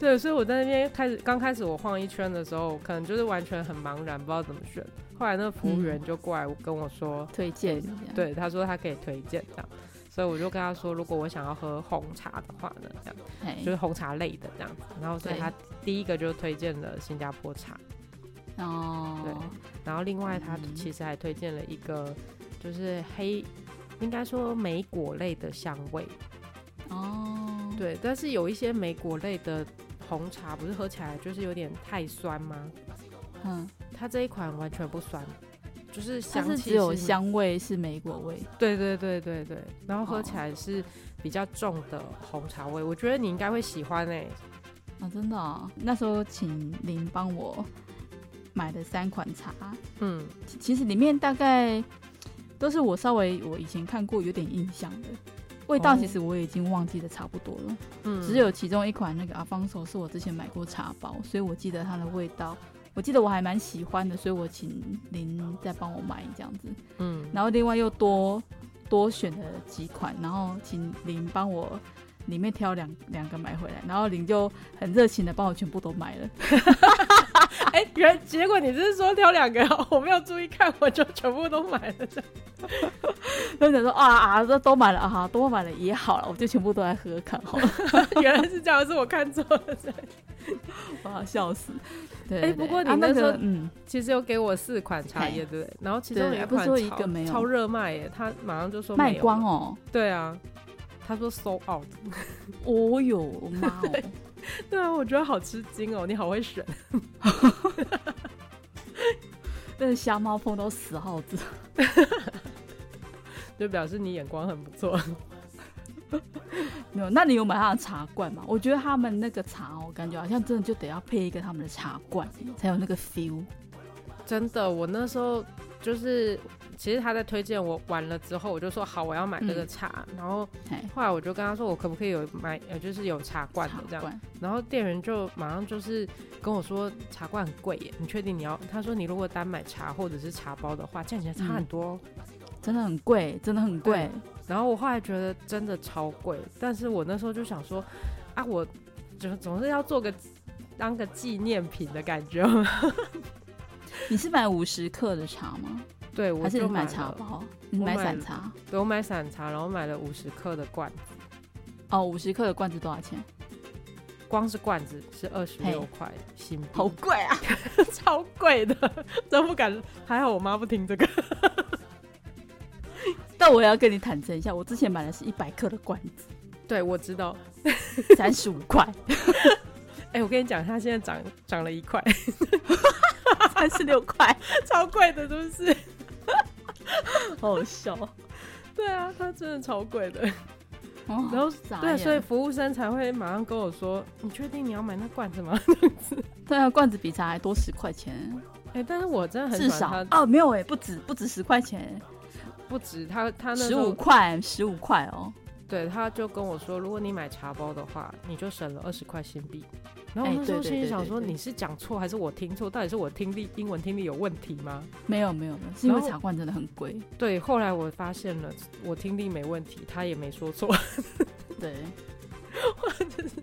B: 對，所以我在那邊開始，剛開始我晃一圈的時候，可能就是完全很茫然，不知道怎麼選。後來那個服務員就過來我跟我說、嗯、推薦，對，他說他可以推薦這樣，所以我就跟他說，如果我想要喝紅茶的話呢，這樣就是紅茶類的這樣子。然後所以他第一個就推薦了新加坡茶。哦、oh,，對，然後另外他其實還推薦了一個，就是黑，okay. 應該說莓果類的香味。哦、oh.，對，但是有一些莓果類的紅茶不是喝起來就是有點太酸嗎？嗯，它這一款完全不酸，就是香氣有香
A: 味是莓果味。
B: 對對對對對，然後喝起來是比較重的紅茶味，oh. 我覺得你應該會喜歡誒、欸。
A: 啊、oh,，真的、喔，那時候請您幫我。買的三款茶，嗯，其，其實裡面大概都是我稍微我以前看過有點印象的味道，其實我已經忘記的差不多了，嗯、哦，只有其中一款那個阿方索是我之前買過茶包，所以我記得它的味道，我記得我還蠻喜歡的，所以我請林再幫我買這樣子，嗯，然後另外又多多選了幾款，然後請林幫我。裡面挑兩兩個買回來，然後你就很熱情的幫我全部都買了。
B: 哎、 欸，原結果你只是說挑兩個，我沒有注意看，我就全部都買
A: 了。他 想說啊啊，這、啊、都買了哈、啊啊，都買了也好了，我就全部都來喝，喝看好了。
B: 原來是這樣，是我看錯了，
A: 我好笑死。對，對，對，哎、欸，不過你、啊、那時、個、候嗯，其實有給我
B: 四款茶葉，對不對？然後其中有一款一個有超超熱賣耶、欸，他馬上就說賣光哦。對啊。他說：“sold out。哦”
A: 我有
B: 媽哦 對，對啊，我覺得好吃驚哦、喔！你好會選，
A: 但是瞎貓碰到死耗子，
B: 就表示你眼光很不錯。
A: 沒有？那你有買他的茶罐嗎？我覺得他們那個茶，我感覺好像真的就得要配一個他們的茶罐，才有那個 feel。真的，我那時候就是。其實
B: 他在推薦我完了之後，我就說好，我要買這個茶，嗯。然後後來我就跟他說，我可不可以有買，就是有茶罐的這樣。然後店員就馬上就是跟我說，茶罐很貴耶，你確定你要？他說你如果單買茶或者是茶包的話，價錢差很多，嗯，
A: 真的很貴，真的很貴。
B: 然後我後來覺得真的超貴，但是我那時候就想說，啊，我就總是要做個當個紀念品的
A: 感覺。 你是買五十克的茶嗎？對，我還是買茶包，買散茶。
B: 對我買散茶，然後買了五十克的罐。哦，五十克的罐子多少錢？光是罐子是二十六塊新幣，好貴啊， 超貴的，真不敢。還好我媽不聽這個。
A: 但我要跟你坦誠一下，我之前買的是一百克的罐子。對，我知道，三十五塊。
B: 哎、 欸，我跟你講，它現在漲漲了一塊，三十六塊， 超貴的，都、就是。
A: 好，好笑，
B: 對啊，他真的超貴的，
A: 哦，然後對傻，所以
B: 服務生才會馬上跟我說：“你確定你要買那罐子嗎？”
A: 對啊，罐子比茶還多十塊錢。哎、欸，但是我真的很少哦、啊、沒有哎，不止，不止十塊錢，
B: 不止，他他那十五塊，
A: 十五塊哦。
B: 對，他就跟我說，如果你買茶包的話，你就省了二十塊新幣。然後我就心裡想說、欸對對對對對對對對，你是講錯還是我聽錯？到底是我聽力英文聽力有問題嗎？
A: 沒有沒有沒有，是因為茶罐真的很貴。
B: 對，後來我發現了，我聽力沒問題，他也沒說錯。 對，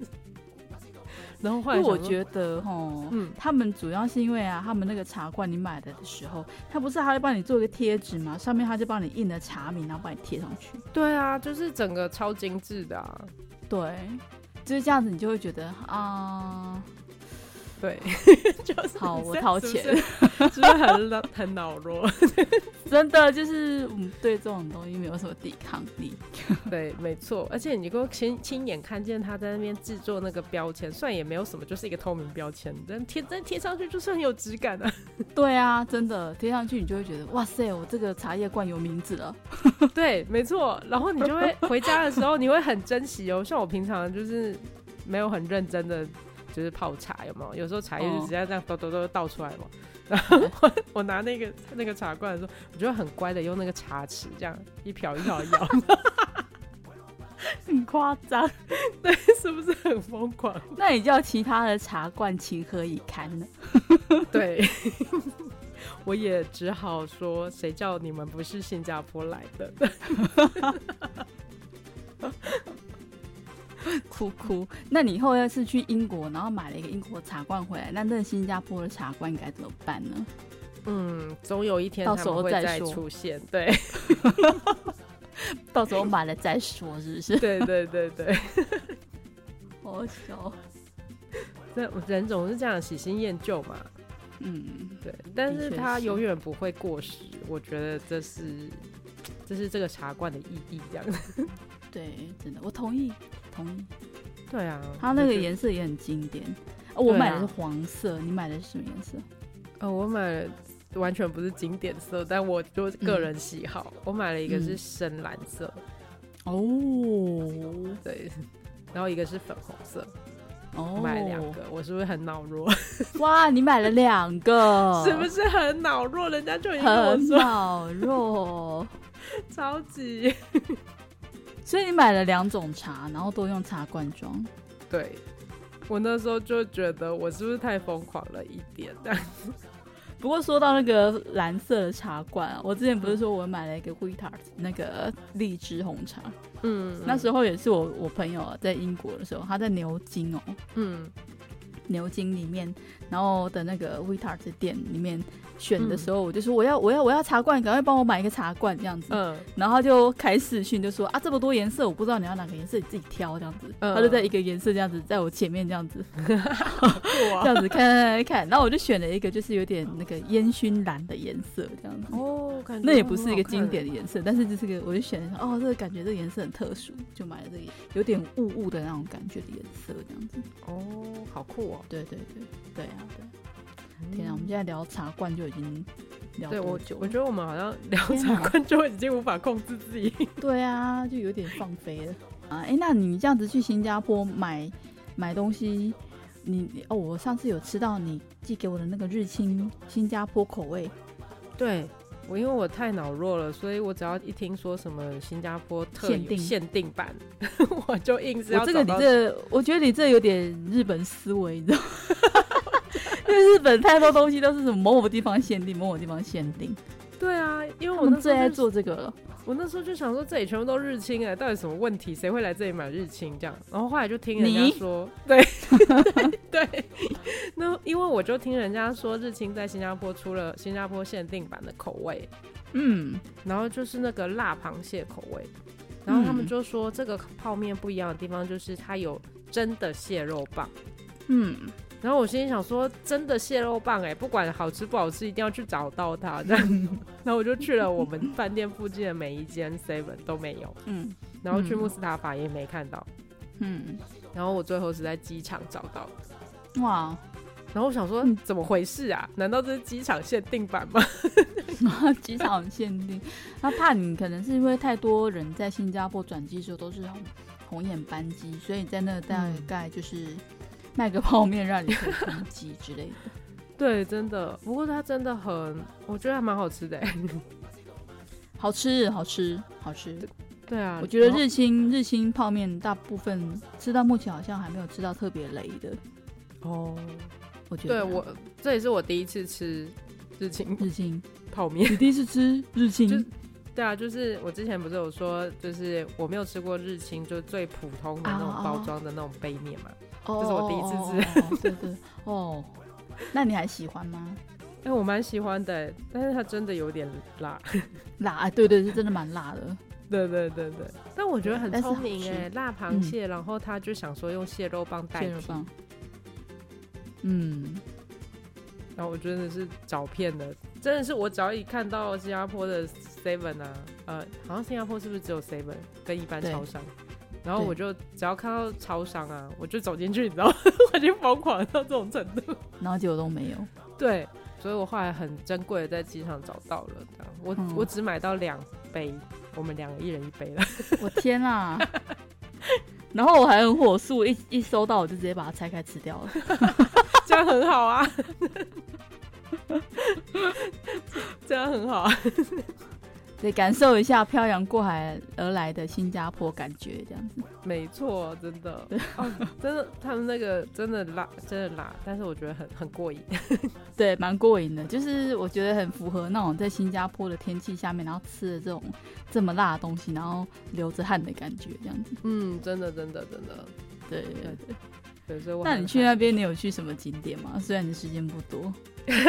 A: 然後後因為我覺得吼，吼、嗯，他們主要是因為啊，他們那個茶罐你買的時候，他不是還要幫你做一個貼紙嗎？上面他就幫你印了茶名，然後幫你貼上去。
B: 對啊，就是整個超精緻的、啊。
A: 對，就是這樣子，你就會覺得啊。呃對、就是，好，我掏錢，
B: 是不是、就是、很很腦弱？
A: 真的就是，嗯，我們對這種東西沒有什麼抵抗力。
B: 對，沒錯，而且你如果親親眼看見他在那邊製作那個標籤，雖然也沒有什麼，就是一個透明標籤，但貼真貼上去就是很有質感的、
A: 啊。對啊，真的貼上去你就會覺得，哇塞，我這個茶葉罐有名字了。
B: 對，沒錯，然後你就會回家的時候你會很珍惜哦。 像我平常就是沒有很認真的。就是泡茶有沒有？有時候茶葉，就直接這樣倒倒倒倒出來嘛、哦。然後我我拿那個那個茶罐的時候，我就很乖的用那
A: 個茶匙這樣一瓢一瓢的舀， 很誇張，對， 是不是很瘋狂？那你叫其他的茶罐情何以堪呢？ 對，
B: 我也只好說，誰叫你們不是新加坡來的？
A: 哭哭，那你以後要是去英國，然後買了一個英國茶罐回來，那那新加坡的茶罐該怎麼辦呢？嗯，總有一天，到時候再說，會再出現，
B: 對，
A: 到時候買了再說，是不是？對對對對， 好笑，
B: 這人總是這樣，喜新厭舊嘛。嗯，
A: 對，但是他永
B: 遠不會過時，嗯，我覺得這是，是這是這個茶罐的意義，這樣子
A: 對，真的，我同意。對啊，它那個顏色也很經典。就是哦、我買的是黃色、啊，你買的是什麼顏色？
B: 呃、哦，我買了完全不是經典色，但我就個人喜好、嗯，我買了一個是深藍色，
A: 哦，對，
B: 然後一個是粉紅色，哦，我買了兩個，我是不是很腦弱？
A: 哇，你買了兩個， 是不
B: 是很腦弱？人家就很腦
A: 弱我弱，超級。所以你買了兩種茶，然後都用茶罐裝。
B: 對，我那時候就覺得我是不是太瘋狂了一點？但是
A: 不過說到那個藍色的茶罐，我之前不是說我買了一個惠特那個荔枝紅茶？嗯，嗯，嗯，那時候也是我我朋友啊，在英國的時候，他在牛津哦、喔，嗯，牛津裡面。然後的那個維塔 t a 店裡面選的時候，我就說我要我要我要茶罐，趕快幫我買一個茶罐這樣子。嗯。然後就開始訊就說啊，這麼多顏色，我不知道你要哪個顏色，你自己挑這樣子。他就在一個顏色這樣子，在我前面這樣子。這樣子看來看，然後我就選了一個，就是有點那個煙熏藍的顏色這樣子。哦，那也不是一個經典的顏色，但是就是個，我就選了一哦，這個感覺這個顏色很特殊，就買了這個有點霧霧的那種感覺的顏色這樣子。哦，好酷哦，對對對對啊！對嗯、天啊！我們現在聊茶罐就已經聊多久了對我？
B: 我覺得我們好像聊茶罐就已經無法控制自己、
A: 啊。 對啊，就有點放飛了 啊！哎、欸，那你這樣子去新加坡買買東西，你哦，我上次有吃到你寄給我的那個日清新加坡口味。
B: 對我，因為我太腦弱了，所以我只要一聽說什麼新加坡特有限定版，定 我就硬是要這個，這個。你這，
A: 我覺得你這有點日本思維的。你知道嗎 在日本，太多東西都是什麼某某地方限定，某某地方限定。
B: 對啊，因為我們最愛做
A: 這個了。
B: 我那時候就想說，這裡全部都日清哎，到底什麼問題？誰會來這裡買日清這樣？然後後來就聽人家說，
A: 對
B: 對。那因為我就聽人家說，日清在新加坡出了新加坡限定版的口味，嗯，然後就是那個辣螃蟹口味。然後他們就說，這個泡面不一樣的地方就是它有真的蟹肉棒，
C: 嗯。
B: 然後我心裡想說，真的蟹肉棒哎、欸，不管好吃不好吃，一定要去找到它。這樣嗯、然後我就去了我們飯店附近的每一間 seven 都沒有，嗯，然後去穆斯塔法也沒看到，
A: 嗯，
B: 然後我最後是在機場找到的。
A: 哇，然後我想說、嗯，怎
B: 麼回事啊？難道這是機場限定版嗎？
A: 機、 啊、場限定，那 怕你可能是因為太多人在新加坡轉機的時候都是紅紅眼班機，所以在那個大概就是、嗯。賣、那個泡麵讓你攻激之類的，
B: 對，真的。不過它真的很，我覺得還蠻好吃的，
A: 好吃，好吃，好吃。對啊，我覺得日清、哦，日清泡麵大部分吃到目前好像還沒有吃到特別雷的。哦，我覺得。對，我
B: 這也是我第一次吃日
A: 清日清
B: 泡麵， 第一次
A: 吃日清就。
B: 對啊，就是我之前不是有說，就是我沒有吃過日清，就最普通的那種包
A: 裝的那種杯
B: 麵嘛。Oh, oh. 哦，這是
A: 我第一次吃，哦，那你還喜歡嗎？
B: 哎、欸，我蠻喜歡的、欸，但是它真的有點辣，
A: 辣、欸，對對，對，是真的蠻辣的，
B: 對對對，對對對。但我覺得很聰明哎、欸，辣螃蟹，然後他就想說用蟹肉棒代替，嗯，然後我覺得是找騙的，真的是我早已看到新加坡的 Seven 啊，呃，好像新加坡是不是只有 Seven 跟一般超商？然後我就只要看到超商啊，我就走進去，你知道嗎？ 我就瘋狂到這種程度，
A: 然後結果都沒有。
B: 對，所以我後來很珍貴的在機場找到了。這樣我、嗯、我只買到兩杯，我們兩個一人一杯了。
A: 我天哪、啊！ 然後我還很火速一一收到，我就直接把它拆開吃掉了。 這樣很好啊， 這樣很好、啊。 對，感受一下漂洋過海而來的新加坡感覺，這樣子。
B: 沒錯，真的，對 oh, 真的，他們那個真的辣，真的辣，但是我覺得很很過癮。
A: 對，蠻過癮的，就是我覺得很符合那種在新加坡的天氣下面，然後吃的這種這麼辣的東西，然後流着汗的感覺，這樣子。嗯，真的，真的，真的，對對對。對對對對，那你去那邊，你有去什麼景點嗎？雖然你時間不多。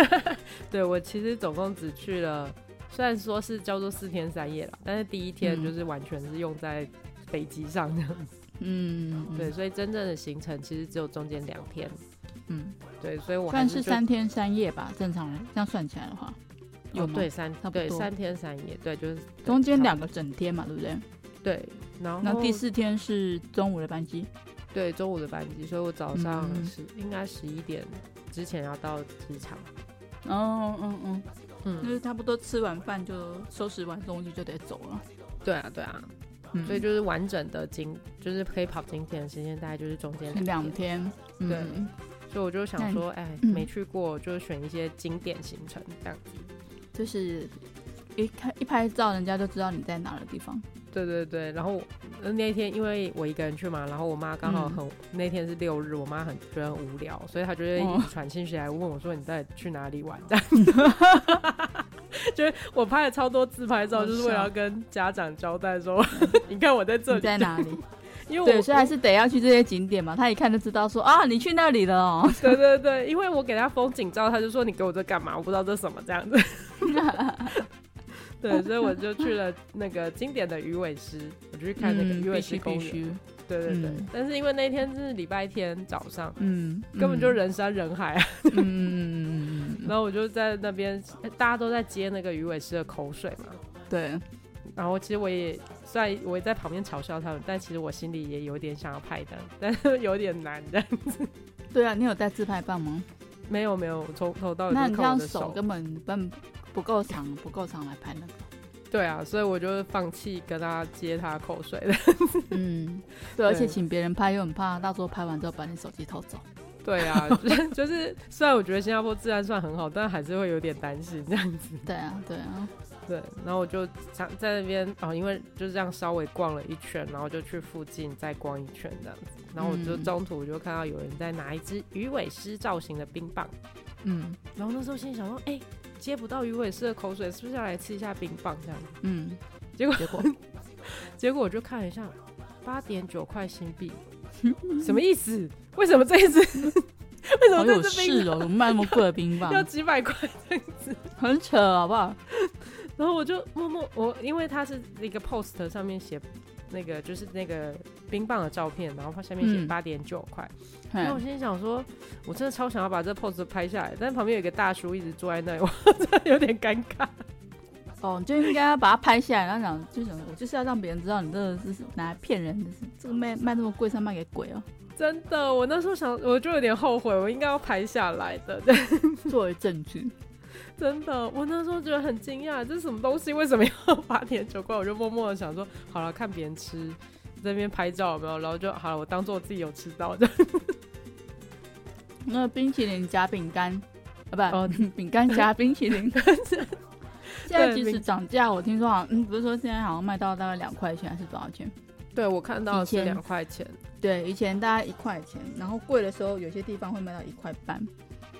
B: 對，我其實總共只去了。雖然說是叫做四天三夜了，但是第一天就是完全是用在飛機上這樣子嗯。嗯，對，所以真正的行程其實只有中間兩天。嗯，對，所以我是算是三天
A: 三夜吧，正常人這樣算起來的話。有、哦、對三，對三天三夜，對，就是中間兩個整天嘛，對不對？對，然後第四天是中午的班機。
B: 對，中午的班機，所以我早上是應該十一點之前要到機場。哦、嗯，嗯嗯。嗯
A: 嗯，就是差不多吃完飯就收拾完東西就得走了。對啊，對啊、嗯，
B: 所以就是完整的景，就是可以跑景點的時間大概就是中間，間兩
A: 天。對、
B: 嗯。所以我就想說，哎，沒去過就選一些經典行程，這樣
A: 子就是一拍一拍照，人家就知道你在哪的地方。
B: 對對對，然後那天因為我一個人去嘛，然後我媽剛好很、嗯、那天是六日，我媽很覺得很無聊，所以她就一傳信息來問我說：“你在去哪裡玩這樣子， 就是我拍了超多自拍照，嗯、就是為了跟家長交代說：“嗯、 你看我在這裡在哪裡？”
A: 因為我說還是得要去這些景點嘛，他一看就知道說：“啊，你去那裡了。”哦。 ’
B: 對對對，因為我給他風景照，他就說：“你給我這幹嘛？”我不知道這是什麼這樣子。 對，所以我就去了那個經典的魚尾獅，我就去看那個魚尾獅公園、嗯。對對對、嗯，但是因為那天是禮拜天早上、欸、嗯，嗯，根本就人山人海、啊。嗯嗯 然後我就在那邊，大家都在接那個魚尾獅的口水嘛。對。然後其實我也在，我也在旁邊嘲笑他們，但其實我心裡也有點想要拍的，但是有點難的。
A: 對啊，你有帶自拍棒嗎？沒有沒有，從頭
B: 到尾都靠我的手，你這
A: 樣手根本不夠長，不夠長來拍那個。
B: 對啊，所以我就是放棄跟他接他口水的。 嗯對，對，而且
A: 請別人拍又很怕，到時候拍完之後把你手機偷走。
B: 對啊， 就，就是雖然我覺得新加坡治安算很好，但還是會有點擔心這樣子。
A: 對啊，對啊，
B: 對。然後我就在在那邊啊、哦，因為就是這樣稍微逛了一圈，然後就去附近再逛一圈這樣子。然後我就中途我就看到有人在拿一隻魚尾獅造型的冰棒，嗯，然後那時候心想說，哎、欸。接不到魚尾獅的口水，是不是要來吃一下冰棒這樣？嗯，結果結果 結果我就看一下，八點九塊新幣， 什麼意思？為什麼這一次？為什麼這是冰？
A: 哦，賣那麼貴的冰棒要,要幾
B: 百塊這
A: 樣子，很扯好不好？然
B: 後我就默默我，因為他是那個 post 上面寫。那個就是那個冰棒的照片，然後它下面寫八點九塊，所以、嗯、我心裡想說，我真的超想要把這 pose 拍下來，但旁邊有一個大叔一直坐在那裡，我真的有點尷尬。哦，
A: 就應該要把它拍下來，然後想，就想我就是要讓別人知道你這個是拿來騙人的，這個賣賣那麼貴，才賣給鬼哦。
B: 真的，我那時候想，我就有點後悔，我應該要拍下來的，對，
A: 作為證據。
B: 真的，我那時候覺得很驚訝，這是什麼東西？為什麼要把甜球怪？我就默默的想說，好了，看別人吃，在那邊拍照，有沒有？然後就好了，我當做我自己有吃到的。
A: 那冰淇淋夾餅乾，呃、 啊，不，哦，餅乾夾冰淇淋，但是
B: 現在其實漲
A: 價，我聽說好像，嗯，不是說現在好像賣到大概兩塊錢還是多少錢？對，我看到是兩塊錢，對，以前大概一塊錢，然後貴的時候有些地方會賣到一塊半。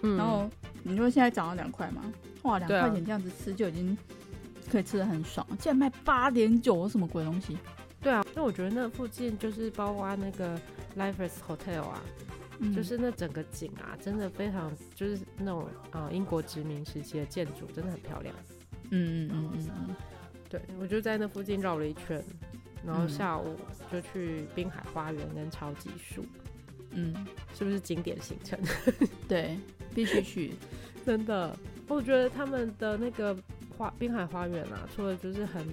A: 嗯、然後你說現在漲了兩塊嘛？哇，兩塊錢這樣子吃就已經可以吃的很爽，竟然賣八點九，什麼鬼東西？
B: 對啊，那我覺得那附近就是包括那個 Life Hotel 啊、嗯，就是那整個景啊，真的非常就是那種呃、啊、英國殖民時期的建築，真的很漂亮。嗯
C: 嗯
B: 嗯嗯嗯。對，我就在那附近繞了一圈，然後下午就去濱海花園跟超級樹。嗯，是不是景點行程？對。必須去，真的，我覺得他們的那個花濱海花園啊，除了就是很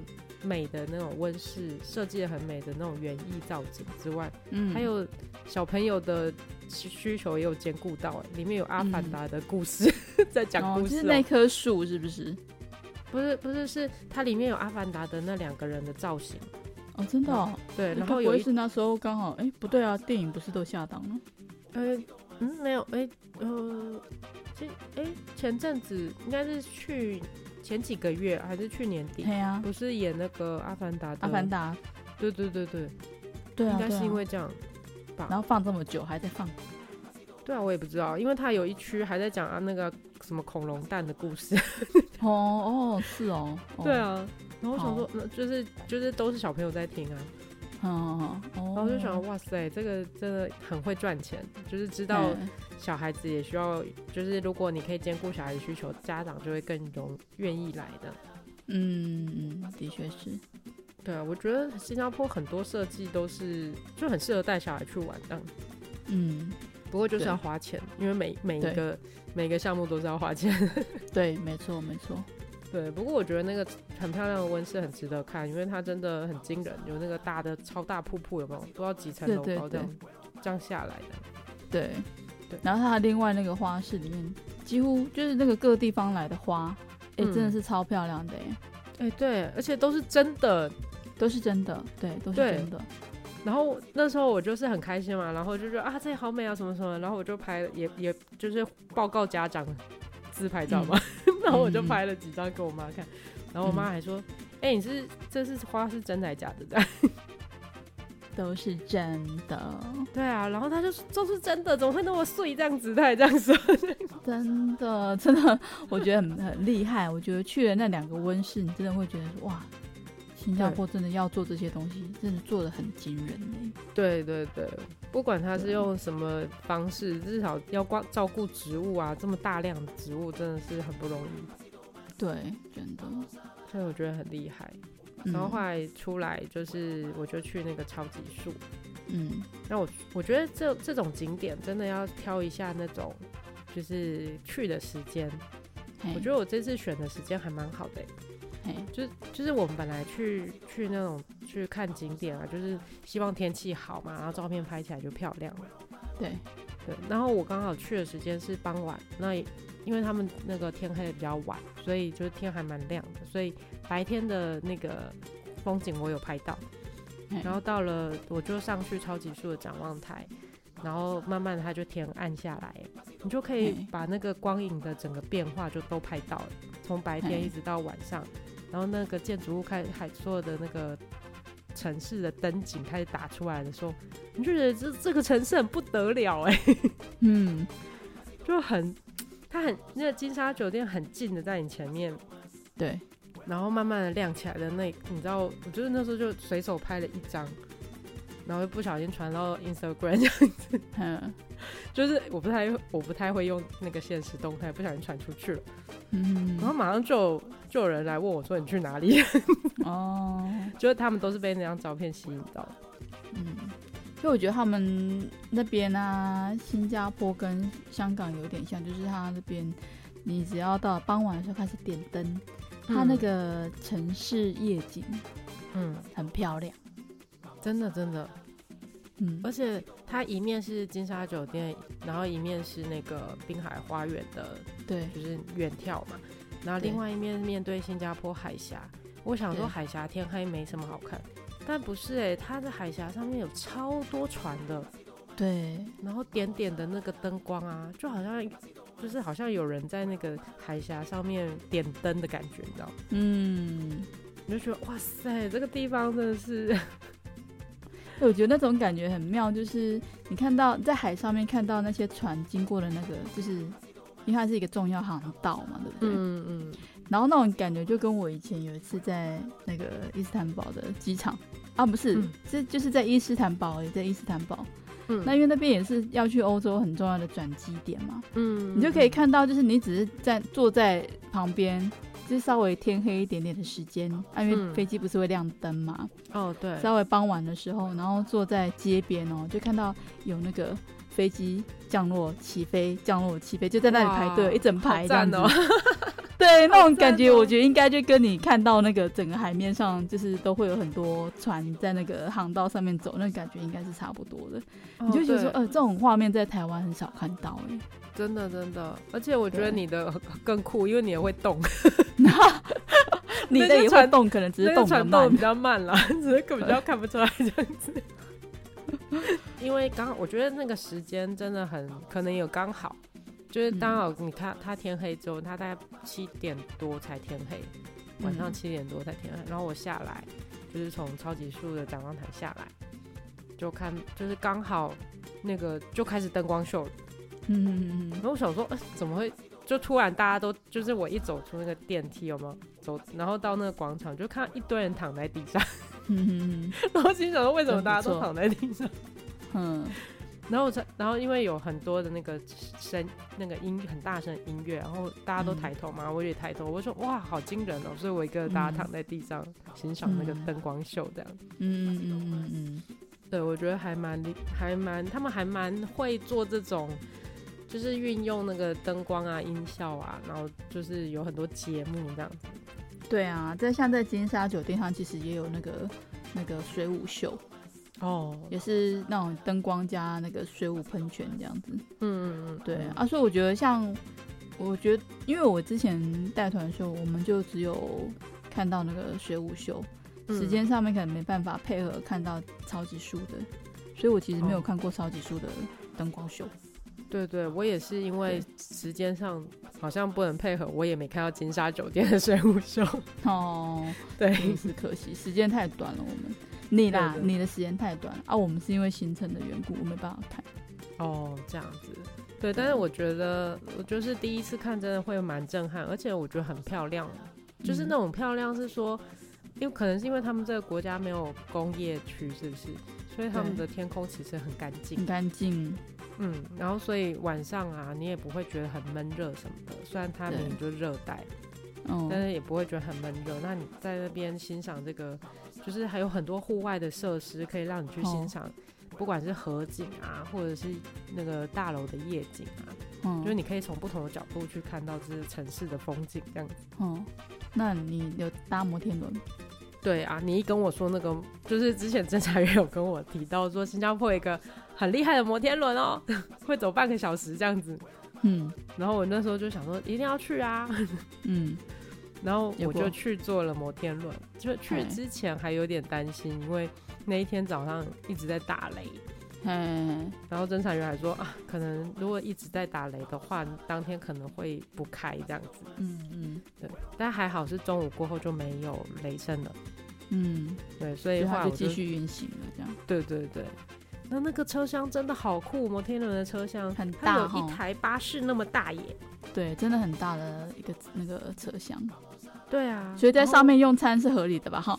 B: 美的那種溫室，設計的很美的那種園藝造景之外，嗯，還有小朋友的需求也有兼顧到、欸，裡面有阿凡達的故事、嗯、 在講故事、喔，哦，就是那棵樹是不是？不是不是，是它裡面有阿凡達的那兩個人的造型，
A: 哦，真的、哦嗯，對，然後我也是那時候剛好，哎、欸，不對啊，電影不是都下檔了，
B: 呃。嗯，沒有，哎、欸，呃，這，哎、欸，前陣子應該是去前幾個月，還是去年底？啊、不是演那個《阿凡達》的。阿凡達。對對對對，對啊、應該是因為這樣、啊、
A: 吧。然後放這麼久還在放。
B: 對啊，我也不知道，因為他有一區還在講啊那個什麼恐龍蛋的故事。
A: 哦哦，是哦，哦。對啊，
B: 然後我想說，就是就是都是小朋友在聽啊。
A: 哦，然後我就想，
B: 哇塞，這個真的很會賺錢，就是知道小孩子也需要，就是如果你可以兼顧小孩的需求，家長就會更容易願意來的。嗯，的確是。對啊，我覺得新加坡很多設計都是就很適合帶小孩去玩的。嗯，不過就是要花錢，因為每每一個每一個項目都是要
A: 花錢。對，沒錯，沒錯。
B: 對，不過我覺得那個很漂亮的溫室很值得看，因為它真的很驚人，有那個大的超大瀑布，有沒有？不知道幾層樓高這樣這
A: 樣下來的。對對。然後它另外那個花市裡面，幾乎就是那個各地方來的花，哎、欸嗯，真的是超漂亮的哎、
B: 欸、對，而且都是真
A: 的，都是真的，對，都是真的。
B: 然後那時候我就是很開心嘛，然後就覺得啊這裡好美啊什麼什麼，然後我就拍，也也就是報告家長。自拍照嗎？嗯、 然後我就拍了幾張給我媽看，嗯、然後我媽還說：“哎、嗯、欸，你是這是花是真的還假的？”這 樣
A: 都是真的，
B: 對啊。然後她就說都是真的，怎麼會那麼碎這樣子？她這樣說。
A: 真的，真的，我覺得很很厲害。我覺得去了那兩個溫室，你真的會覺得哇。新加坡真的要做這些東西，真的做得很驚人、欸、對對對，
B: 不管他是用什麼方式，至少要關照顧植物啊，這麼大量的植物真的是很不容易。對，真的，所以我覺得很厲害。然後後來出來就是，我就去那個超級樹。嗯，那我我覺得這這種景點真的要挑一下那種，就是去的時間。我覺得我這次選的時間還蠻好的、欸。 就是就是我們本來去去那種去看景點啊，就是希望天氣好嘛，然後照片拍起來就漂亮了。對對，然後我剛好去的時間是傍晚，那因為他們那個天黑的比較晚，所以就是天還蠻亮的，所以白天的那個風景我有拍到。 然後到了我就上去超級樹的展望台，然後慢慢的它就天暗下來，你就可以把那個光影的整個變化就都拍到了，從白天一直到晚上。 然後那個建築物開，還所有的那個城市的燈景開始打出來的時候，你就覺得這這個城市很不得了哎、欸， 嗯，就很，它很那個金沙酒店很近的在你前面，對，然後慢慢的亮起來的那，你知道，我就是那時候就隨手拍了一張，然後不小心傳到 Instagram 這樣子，嗯。就是我不太我不太會用那個限時動態，不小心傳出去了。嗯，然後馬上就有就有人來問我說，你去哪裡？ 哦，就是他們都是被那張照片吸引到。嗯，因
A: 為我覺得他們那邊啊，新加坡跟香港有點像，就是他那邊你只要到傍晚的時候開始點燈，他那個城市夜景，嗯，嗯很漂亮，真的真的。嗯，而且它
B: 一面是金沙酒店，然後一面是那個濱海花園的，對，就是遠眺嘛。然後另外一面面對新加坡海峽，我想說海峽天黑沒什麼好看，但不是哎，它的海峽上面有超多船的，
A: 對，
B: 然後點點的那個燈光啊，就好像就是好像有人在那個海峽上面點燈的感覺，你知道？嗯，
A: 你就覺得哇塞，
B: 這個地方真的是 。
A: 我覺得那種感覺很妙，就是你看到在海上面看到那些船經過的那個，就是因為它是一個重要航道嘛，對不對？嗯嗯。然後那種感覺就跟我以前有一次在那個伊斯坦堡的機場啊，不是，這、嗯、就是在伊斯坦堡，也在伊斯坦堡。嗯。那因為那邊也是要去歐洲很重要的轉機點嘛。
C: 嗯。你就可以
A: 看到，就是你只是在坐在旁邊。就稍微天黑一點點的時間，啊、因為飛機不是會亮燈嘛？哦，對，稍微傍晚的時候，然後坐在街邊哦、喔，就看到有那個飛機降落、起飛、降落、起飛，就在那裡排隊一整排這樣子。 對，那種感覺，我覺得應該就跟你看到那個整個海面上，就是都會有很多船在那個航道上面走，那個、感覺應該是差不多的。哦、你就覺得說，呃，這種畫面在台灣很少看到誒、欸。
B: 真的，真的，而且我覺得你的更酷，因為你也會動。
A: 個船 你的也會動，可能只是動得、那個、比
B: 較慢啦，只是比較看不出來這樣子。 因為剛好，我覺得那個時間真的很可能有剛好。就是剛好你看，他天黑之後，他大概七點多才天黑，晚上七點多才天黑。嗯、然後我下來，就是從超級樹的展望台下來，就看，就是剛好那個就開始燈光秀。嗯哼哼，然後我想說，呃、欸，怎麼會？就突然大家都就是我一走出那個電梯，有沒有走？然後到那個廣場，就看到一堆人躺在地
A: 上。嗯哼哼， 然後心想說，為什麼大家都躺在地上？嗯。
B: 然後才，然後因為有很多的那個聲、那個音很大聲的音樂，然後大家都抬頭嘛，嗯、我也抬頭，我就說哇，好驚人哦！所以我一個大家躺在地上、嗯、欣賞那個燈光秀這樣。嗯
C: 嗯
B: 嗯，嗯對，我覺得還蠻、還蠻，他們還蠻會做這種，就是運用那個燈光啊、音效啊，然後就是有很多節目這樣。
A: 對啊，在像在金沙酒店上，其實也有那個那個水舞秀。哦，也是那種燈光加那個水舞噴泉這樣子。嗯嗯嗯，對。啊，所以我覺得像，我覺得因為我之前帶團的時候，我們就只有看到那個水舞秀，嗯、時間上面可能沒辦法配合看到超級樹的，所以我其實沒有看過超級樹的燈光秀。哦、
B: 對，對對，我也是因為時間上好像不能配合，我也沒看到金沙酒店的水舞
A: 秀。哦，對，是可惜，時間太短了，我們。你啦，你的時間太短啊！我們是因為行程的緣故，我沒辦法看。哦，這樣子。
B: 對，但是我覺得，我就是第一次看，真的會蠻震撼，而且我覺得很漂亮。嗯、就是那種漂亮，是說，因為可能是因為他們這個國家沒有工業區，是不是？所以他們的天空其實很乾淨。很乾淨。嗯，然後所以晚上啊，你也不會覺得很悶熱什麼的。雖然它們就熱帶但熱，但是也不會覺得很悶熱。那你在那邊欣賞這個。就是還有很多戶外的設施可以讓你去欣賞，oh. 不管是河景啊，或者是那個大樓的夜景啊，嗯、oh.，就是你可以從不同的角度去看到就是城市的風景這樣子。
A: 嗯、oh.，那你有搭摩天輪？對
B: 啊，你一跟我說那個，就是之前偵查員有跟我提到說新加坡一個很厲害的摩天輪哦、喔，會走半個小時這樣子。嗯，然後我那時候就想說一定要去啊。嗯。然後我就去坐了摩天輪，就去之前還有點擔心，因為那一天早上一直在打雷。嗯。然後偵查員還說啊，可能如果一直在打雷的話，當天可能會不開這樣子。嗯嗯。對，但還好是中午過後就沒有雷聲了。嗯，對，所以的話就，就繼續運行了這樣。對對對。那那個車廂真的好酷，摩天輪的車廂很大，有一台巴士那麼大耶，
A: 對，真的很大的一個那個車廂。
B: 對啊，所以在上
A: 面用餐是合理的吧？哈，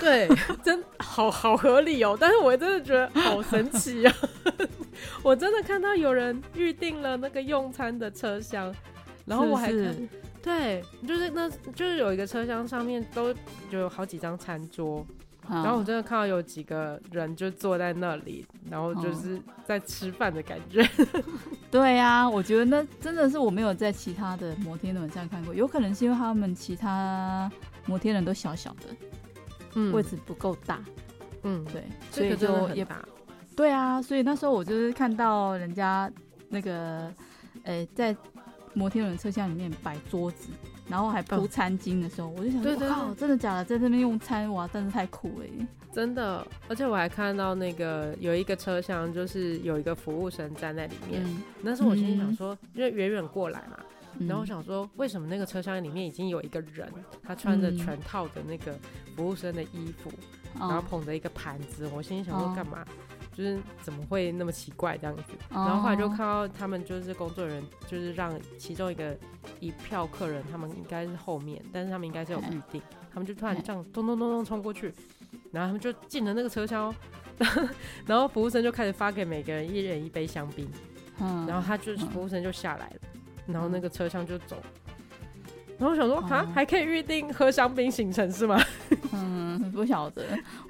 B: 對， 真好好合理哦！但是我真的覺得好神奇啊！ 我真的看到有人預定了那個用餐的車廂，然後我還是，是對，就是那就是有一個車廂上面都有好幾張餐桌。然後我真的看到有幾個人就坐在那裡，然後就是在吃飯的感覺。
A: 對呀、啊，我覺得那真的是我沒有在其他的摩天輪上看過，有可能是因為他們其他摩天輪都小小的，嗯，位置不夠大。嗯，對，所以就也矮。對啊，所以那時候我就是看到人家那個，呃，在摩天輪車廂裡面擺桌子。然後還鋪餐巾的時候，嗯、我就想說，對對、對，真的假的？在這邊用餐，哇，真的太酷了
B: 耶！真的，而且我還看到那個有一個車廂，就是有一個服務生站在裡面。但、嗯、是我心裡想說，嗯、因為遠遠過來嘛，然後我想說，為什麼那個車廂裡面已經有一個人，他穿着全套的那個服務生的衣服，嗯、然後捧着一個盤子，嗯、我心裡想說，幹嘛？嗯就是怎麼會那麼奇怪這樣子，然後後來就看到他們就是工作人員，就是讓其中一個一票客人，他們應該是後面，但是他們應該是有預定，他們就突然這樣咚咚咚咚衝過去，然後他們就進了那個車廂，然後然後服務生就開始發給每個人一人一杯香檳，然後他就服務生就下來了，然後那個車廂就走。
A: 然後想說哈、啊，還可以預定喝香檳行程是嗎？嗯，不曉得。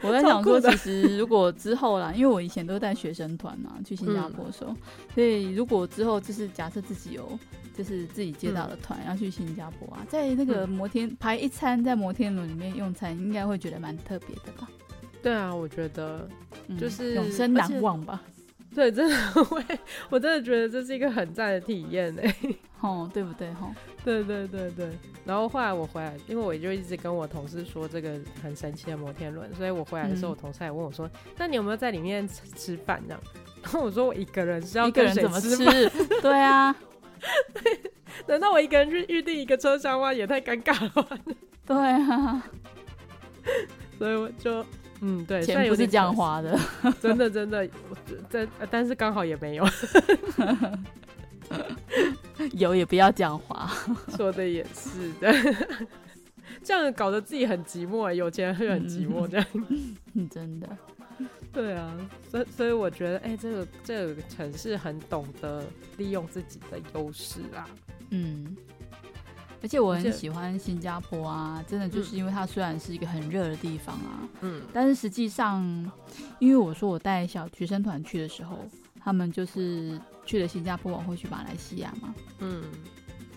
A: 我在想說，其實如果之後啦，因為我以前都是帶學生團嘛、啊，去新加坡的時候、嗯，所以如果之後就是假設自己有，就是自己接到的團、嗯、要去新加坡啊，在那個摩天、嗯、排一餐，在摩天輪裡面用餐，應該會覺得蠻特別的吧？
B: 對啊，我覺得、嗯、就是永生難忘吧。
A: 對，真的會，
B: 我真的覺得這是一個很讚的體驗哎、欸。
A: 哦，對不對？哈、哦，
B: 對，對對對對。然後後來我回來，因為我就一直跟我同事說這個很神奇的摩天輪，所以我回來的時候，我同事還問我說、嗯：“那你有沒有在裡面吃吃飯？”這樣，然後我說：“我一個人是要吃飯一個人跟誰吃？” 對啊，難道我一個人去預定一個車廂嗎？也太尷尬了。
A: 對啊，
B: 所以我就嗯，對，錢不是這樣花的， 真的真的，我真的、呃、但是剛好也沒有。
A: 有也不要講話，
B: 說的也是的， 這樣搞得自己很寂寞，欸。有錢人會很寂寞的，
A: 真的。
B: 對啊，所以所以我覺得，哎，欸，這個這個城市很懂得利用自己的優勢啊。
A: 嗯，而且我很喜歡新加坡啊，真的就是因為它雖然是一個很熱的地方啊，嗯，但是實際上，因為我說我帶小學生團去的時候，他們就是去了新加坡，往後，去馬來西亞嘛。嗯，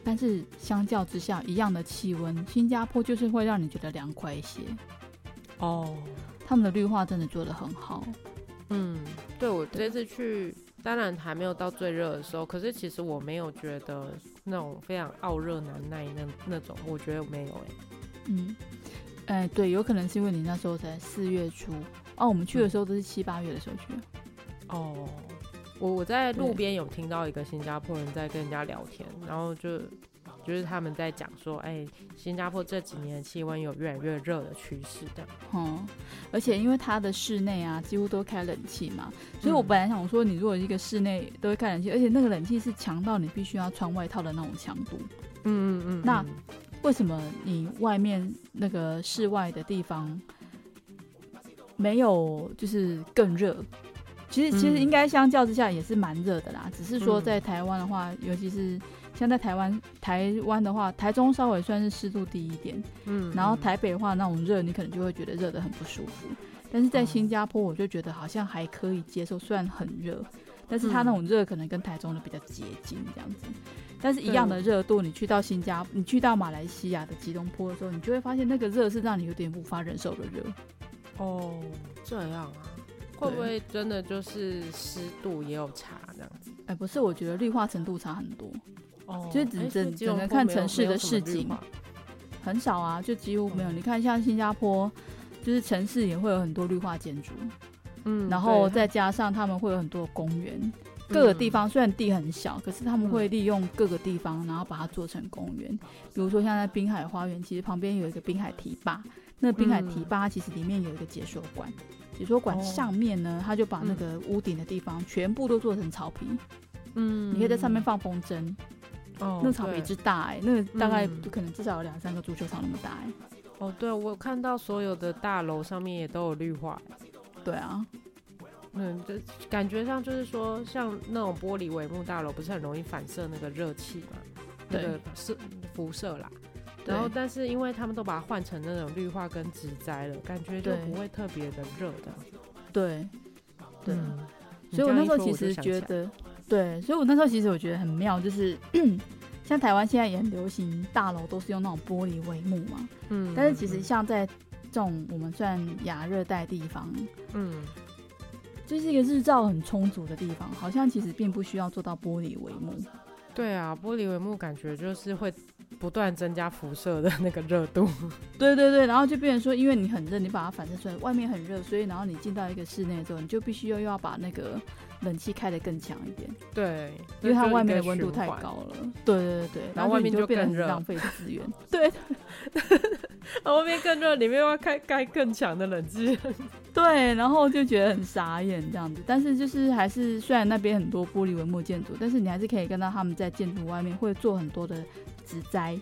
A: 但是相較之下，一樣的氣溫，新加坡就是會讓你覺得涼快一些。哦，他們的綠化真的做得很好。嗯，
B: 對我這次去，當然還沒有到最熱的時候，可是其實我沒有覺得那種非常傲熱難耐那那種，我覺得沒有哎、
A: 欸。嗯，哎、欸，對，有可能是因為你那時候才四月初，哦，我們去的時候都是七八月的時候去。嗯、哦。
B: 我我在路邊有聽到一個新加坡人在跟人家聊天，然後就就是他們在講說，哎、欸，新加坡這幾年的氣溫有越來越熱的趨勢的，
A: 嗯，而且因為它的室內啊幾乎都開冷氣嘛，所以我本來想說，你如果一個室內都會開冷氣，嗯，而且那個冷氣是強到你必須要穿外套的那種強度，嗯，嗯嗯嗯，那為什麼你外面那個室外的地方沒有就是更熱？其實其實應該相較之下也是蠻熱的啦，只是說在台灣的話、嗯，尤其是像在台灣，台灣的話，台中稍微算是濕度低一點，嗯，然後台北的話那種熱，你可能就會覺得熱得很不舒服。但是在新加坡，我就覺得好像還可以接受，雖然很熱，但是它那種熱可能跟台中的比較接近這樣子。但是一樣的熱度，你去到新加，你去到馬來西亞的吉隆坡的時候，你就會發現那個熱是讓你有點無法忍受的熱。哦，
B: 這樣啊。會不會真的就是濕度也有
A: 差這樣子？哎、欸，不是，我覺得綠化程度差很多。哦，就只只只能看城市的市景，很少啊，就幾乎沒有。嗯、你看，像新加坡，就是城市也會有很多綠化建築。嗯，
C: 然後再
A: 加上他們會有很多公園，各個地方雖然地很小，嗯，可是他們會利用各個地方，然後把它做成公園，嗯。比如說像在濱海花園，其實旁邊有一個濱海堤壩。那濱海堤壩其實裡面有一個解說館、嗯，解說館上面呢，他、哦、就把那個屋頂的地方全部都做成草皮。嗯，
B: 你可以在上面放
A: 風箏。哦、嗯，那草皮之大哎、欸嗯，那大、欸嗯那個、大概就可能至少有兩三個足球場那麼大哎、欸。
B: 哦，對，我有看到所有的大樓上面也都有綠化、欸。對啊，嗯，這感覺上就是說，像那種玻璃帷幕大樓，不是很容易反射那個熱氣嘛？對，是、那、輻、個、射啦。然後，但是因為他們都把它換成那種綠化跟植栽了，感覺就不會特別的熱的。對，對、
A: 對、嗯，這樣，
B: 所以我那時候其實覺得，
A: 對，所以我那時候其實我覺得很妙，就是 像台灣現在也很流行，大樓都是用那種玻璃帷幕嘛。嗯。
C: 但是其實
A: 像在這種我們算亞熱帶的地方，嗯，就是一個日照很充足的地方，好像其實並不需要做到玻璃帷幕。
B: 對啊，玻璃帷幕感覺就是會。不斷增加輻射的那個熱度，
A: 對對對，然後就變成說，因為你很熱，你把它反射出來，外面很熱，所以然後你進到一個室內之後，你就必須又又要把那個。冷氣開得更強一點，
B: 對，因為它外面的溫度太
A: 高了，對對對然後，就就然後外面就變得很浪費資源，對，
B: 外面更熱， 裡面要開開更強的冷氣，
A: 對，然後就覺得很傻眼這樣子，但是就是還是雖然那邊很多玻璃帷幕建築，但是你還是可以看到他們在建築外面會做很多的植栽，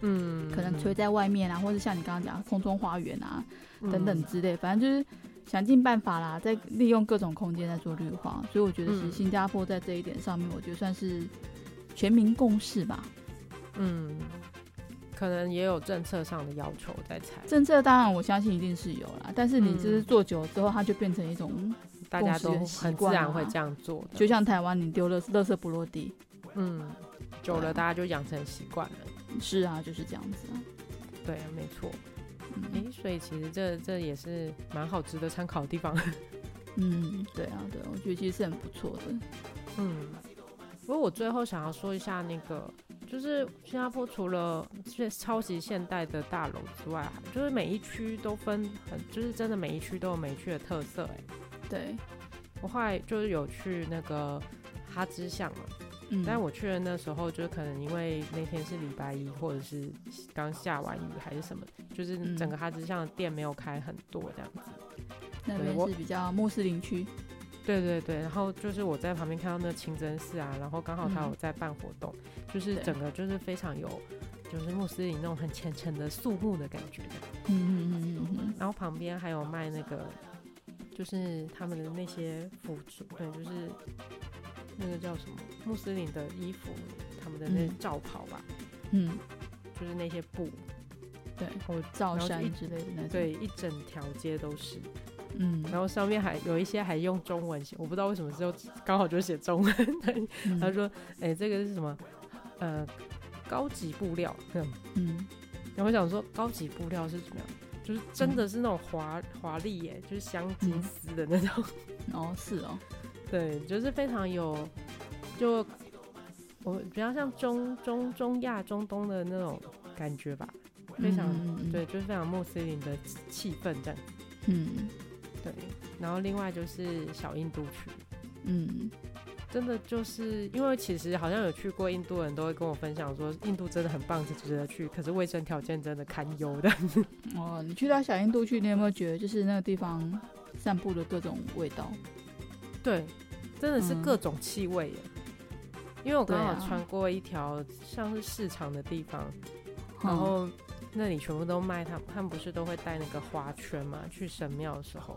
A: 嗯，可能垂在外面啊，嗯、或者像你剛剛講的空中花園啊、嗯、等等之類，反正就是。想盡辦法啦，在利用各種空間在做綠化，所以我覺得其實新加坡在這一點上面，我覺得算是全民共識吧。嗯，
B: 可能也有政策上的要求在踩。
A: 政策當然我相信一定是有啦，但是你就是做久了之後，它就變成一種大家都很自然會這樣做的。就像台灣，你丟了垃圾不落地，嗯，久了
B: 大家就養成習慣了。啊。是啊，就是這樣子啊。對啊，沒錯。哎、嗯欸，所以其實這這也是蠻好值得參考的地方。 嗯，對啊，對啊，我覺得其實是很不錯的。嗯，不過我最後想要說一下那個，就是新加坡除了這超級現代的大樓之外，就是每一區都分很，就是真的每一區都有每一區的特色、欸。哎，對，我後來就是有去那個哈芝巷嘛，嗯，但是我去的那時候就是可能因為那天是禮拜一，或者是剛下完雨還是什麼。就是整個哈芝巷店沒有開很多
A: 這樣子，嗯、對，那邊是比較穆斯林區。
B: 對對對，然後就是我在旁邊看到那清真寺啊，然後剛好他有在辦活動、嗯，就是整個就是非常有，就是穆斯林那種很虔誠的肅穆的感覺。嗯嗯嗯嗯。然後旁邊還有賣那個，就是他們的那些服飾，對，就是那個叫什麼穆斯林的衣服，他們的那些罩袍吧，嗯，就是那些布。
A: 對，或造山之類的那種，對，一
B: 整條街都是，嗯，然後上面還有一些還用中文寫，我不知道為什麼只有，就剛好就寫中文，嗯。他說：“哎，欸，這個是什麼？呃，高級布料。”嗯，然後我想說高級布料是怎麼樣？就是真的是那種華華麗耶，就是鑲金絲的那種，嗯。哦，是哦，對，就是非常有，就我比較像中中中亞中東的那種感覺吧。非常、嗯、對，就是非常穆斯林的氣氛這樣，嗯，對。然後另外就是小印度區，嗯，真的就是因為其實好像有去過印度人都會跟我分享說，印度真的很棒，值得去，可是衛生條件真的堪憂的。
A: 哦，你去到小印度去，你有沒有覺得就是那個地方散布的各種味道？
B: 對，真的是各種氣味耶、嗯。因為我剛好穿過一條像是市場的地方，啊、然後。嗯那裡全部都賣他們，他他們不是都會帶那個花圈嘛？去神廟的時候，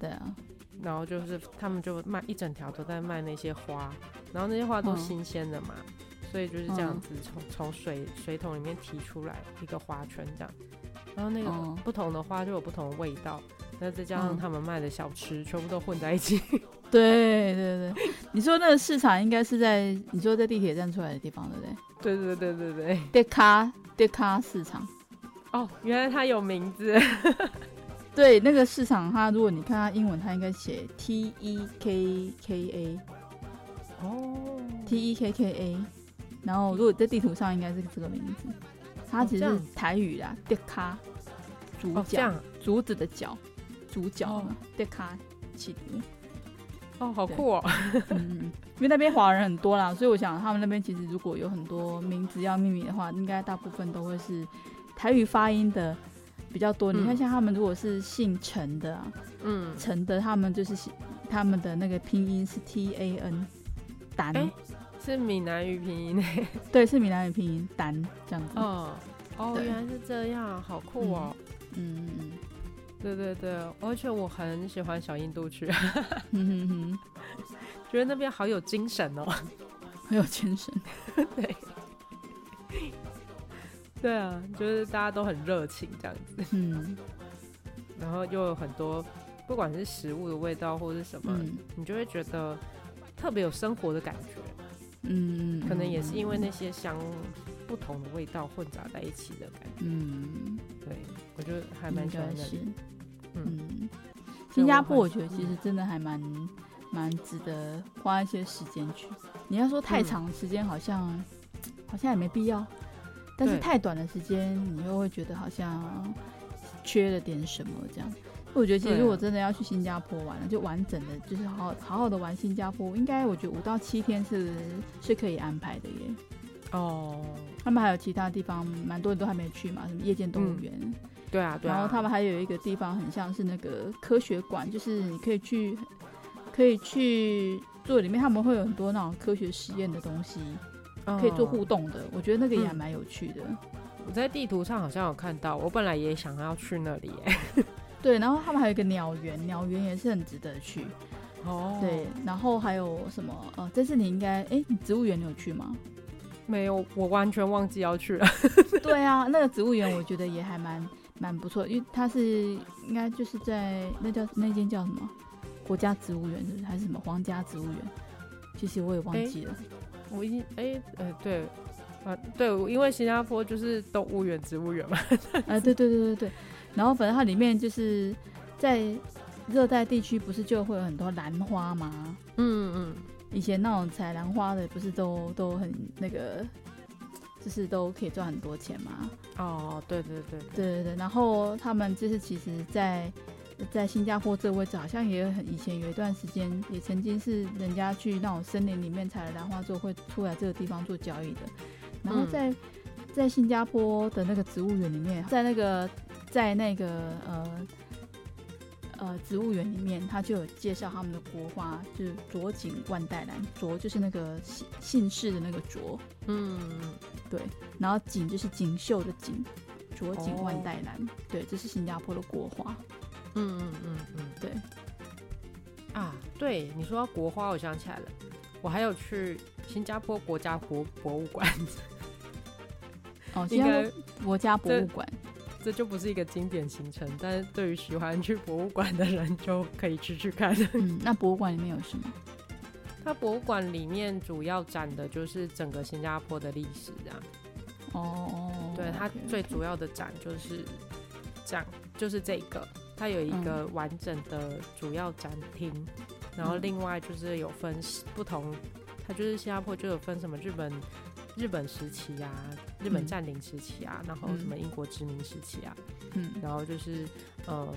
B: 對啊，然後就是他們就賣一整條都在賣那些花，然後那些花都新鮮的嘛、嗯，所以就是這樣子從從、嗯、水水桶裡面提出來一個花圈這樣，然後那個不同的花就有不同的味道，那再加上他們賣的小吃全部都混在一起。嗯
A: 對，對對對，你說那個市場應該是在你說在地鐵站出來的地方，對不對？
B: 對對對對對
A: ，Deka Deka 市場。
B: 哦、oh,，原來它有名字。
A: 對，那個市場它如果你看它英文，它應該寫 T E K K A。哦、oh,。T E K K A。然後如果在地圖上應該是這個名字。它其實是台語的 Deka 竹、oh, 子的腳，竹腳、oh, Deka 起。哦，好酷哦！ 嗯嗯，因為那邊華人很多啦，所以我想他們那邊其實如果有很多名字要命名的話，應該大部分都會是台語發音的比較多。嗯、你看，像他們如果是姓陳的啊，嗯，陳的他們就是他們的那個拼音是 T A N，丹，
B: 欸、是閩南語拼音呢，
A: 對，是閩南語拼音丹這樣子。
B: 哦，哦，原來是這樣，好酷哦，嗯嗯嗯。嗯對對對，而且我很喜歡小印度區，嗯、 覺得那邊好有精神哦、
A: 喔，很有精神。 對，
B: 對啊，就是大家都很熱情這樣子。嗯， 然後又有很多，不管是食物的味道或者是什麼、嗯，你就會覺得特別有生活的感覺。嗯,嗯,嗯,嗯,嗯,嗯,嗯,嗯，可能也是因為那些香不同的味道混雜在一起的感覺。嗯,嗯。我覺得還蠻專心嗯，新加坡我覺得其實
A: 真的還蠻蠻值得花一些時間去。嗯、你要說太長時間好、嗯，好像好像也沒必要，
B: 但是太
A: 短的時間，你又會覺得好像缺了點什麼這樣。我覺得，其實我真的要去新加坡玩了，就完整的，就是好好好好的玩新加坡，應該我覺得五到七天是是可以安排的耶。哦，他們還有其他地方，蠻多人都還沒去嘛，什麼夜間動物園。嗯
B: 對啊，對啊。然後他們
A: 還有一個地方很像是那個科學館，就是你可以去，可以去做裡面他們會有很多那種科學實驗的東西，可以做互動的、嗯，我覺得那個也還蠻有趣的、嗯。
B: 我在地圖上好像有看到，我本來也想要去那裡耶。
A: 對，然後他們還有一個鳥園，鳥園也是很值得去。哦，對，然後還有什麼？呃，這是你應該，哎，你植物園你有去嗎？沒有，我完全忘記
B: 要去了。
A: 對啊，那個植物園我覺得也還蠻。蠻不錯，因為它是應該就是在那叫那間叫什麼國家植物園，還是什麼皇家植物園？其實我也忘記了。欸、我已經哎、
B: 欸、呃對啊對，啊對因為新加坡就是動物園植物園嘛。
A: 啊、呃、對對對對對，然後反正它裡面就是在熱帶地區，不是就會有很多蘭花嗎？嗯嗯嗯，以前那種採蘭花的不是都都很那個。是都可以賺很多錢嘛。哦，對對對，對，對對對。然後他們就是其實在，在在新加坡這個位置，好像也很以前有一段時間，也曾經是人家去那種森林裡面採了蘭花之後，會出來這個地方做交易的。然後在、嗯、在新加坡的那個植物園裡面，在那個在那個呃。呃，植物園裡面，他就有介紹他們的國花，就是卓錦萬代蘭。卓就是那個姓姓氏的那個卓，嗯，對。然後錦就是錦繡的錦，卓錦萬代蘭，哦，對，這是新加坡的國花。
B: 嗯嗯嗯嗯，對。啊，對，你說到國花，我想起來了，我還有去新加坡國家博博物館。 哦，新加坡國家博物館。這就不是一個經典行程，但是對於喜歡去
A: 博物館的人就可以去去看，嗯。那博物館裡面有什麼？它博
B: 物館裡面主要展的就是整個新加坡的歷史啊。
A: 哦。對，哦，它最主
B: 要的展就是講，就是這個，它有一個完整的主要展廳，嗯，然後另外就是有分不同，它就是新加坡就有分什麼日本。日本時期啊，日本佔領時期啊，嗯，然後什麼英國殖民時期啊，嗯，然後就是呃，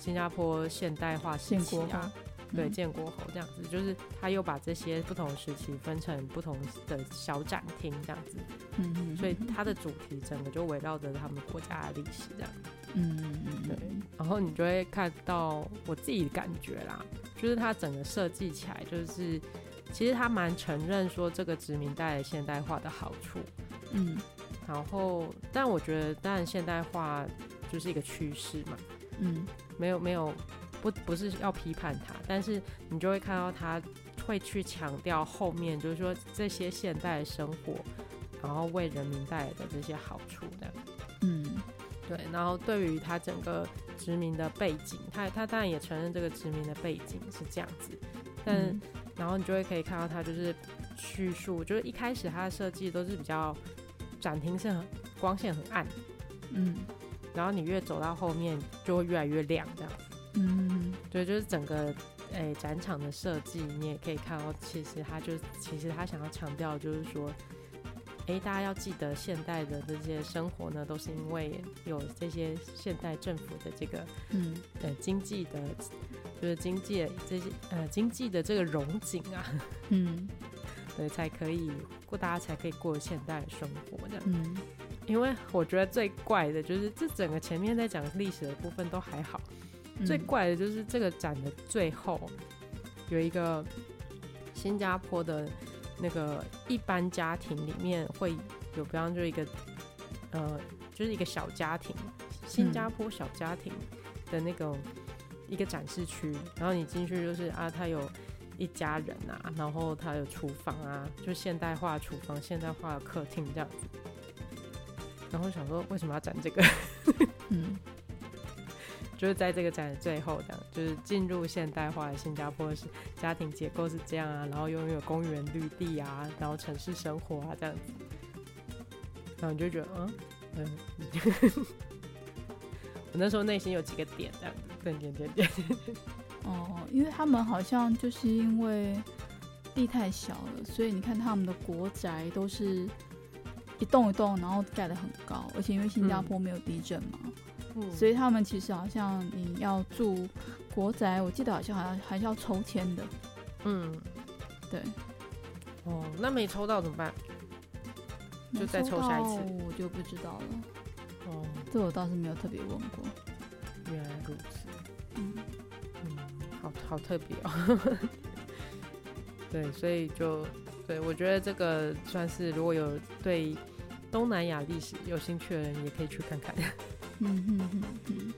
B: 新加坡現代化時期啊，對，建國後這樣子，嗯，就是他又把這些不同時期分成不同的小展廳這樣子，嗯嗯，所以它的主題整個就圍繞着他們國家的歷史這樣子，嗯嗯嗯，對，然後你就會看到，我自己的感覺啦，就是它整個設計起來就是。其實他蠻承認說這個殖民帶來現代化的好處，嗯，然後但我覺得當然現代化就是一個趨勢嘛，嗯，沒有沒有不，不是要批判他，但是你就會看到他會去強調後面就是說這些現代的生活，然後為人民帶來的這些好處的，嗯，對，然後對於他整個殖民的背景，他他當然也承認這個殖民的背景是這樣子，但。嗯然後你就會可以看到它，就是敘述，就是一開始它的設計都是比較，展廳是很光線很暗，嗯，然後你越走到後面就會越來越亮這樣子，嗯，對，就是整個誒展場的設計你也可以看到其實，其實它就其實它想要強調就是說，誒，大家要記得現代的這些生活呢，都是因為有這些現代政府的這個嗯呃經濟的。就是經濟這些呃，經濟的這個榮景啊，嗯， 對，才可以過，大家才可以過現代的生活。的，嗯，因為我覺得最怪的就是這整個前面在講歷史的部分都還好，嗯，最怪的就是這個展的最後有一個新加坡的那個一般家庭裡面會有，比方就一個呃，就是一個小家庭，新加坡小家庭的那種個。嗯一個展示區，然後你進去就是啊，他有一家人啊，然後他有廚房啊，就現代化廚房、現代化的客廳這樣子。然後想說，為什麼要展這個？
C: 嗯
B: 就是在這個展的最後這樣，就是進入現代化的新加坡是家庭結構是這樣啊，然後擁有公園綠地啊，然後城市生活啊這樣子。然後你就覺得，嗯嗯， 我那時候內心有幾個點這樣。
A: 哦，因為他們好像就是因為地太小了，所以你看他們的國宅都是一棟一棟，然後蓋得很高。而且因為新加坡沒有地震嘛、嗯嗯，所以他們其實好像你要住國宅，我記得好像好像還是要抽籤的。嗯，對。哦，
B: 那沒抽到怎麼辦？
A: 就再抽下一次。我就不知道了。哦，這我倒是沒有特別問過。原來如此。嗯好，好特別哦，
B: 對，所以就對，我覺得這個算是如果有對東南亞歷史有興趣的人，也可以去看看。嗯哼哼哼。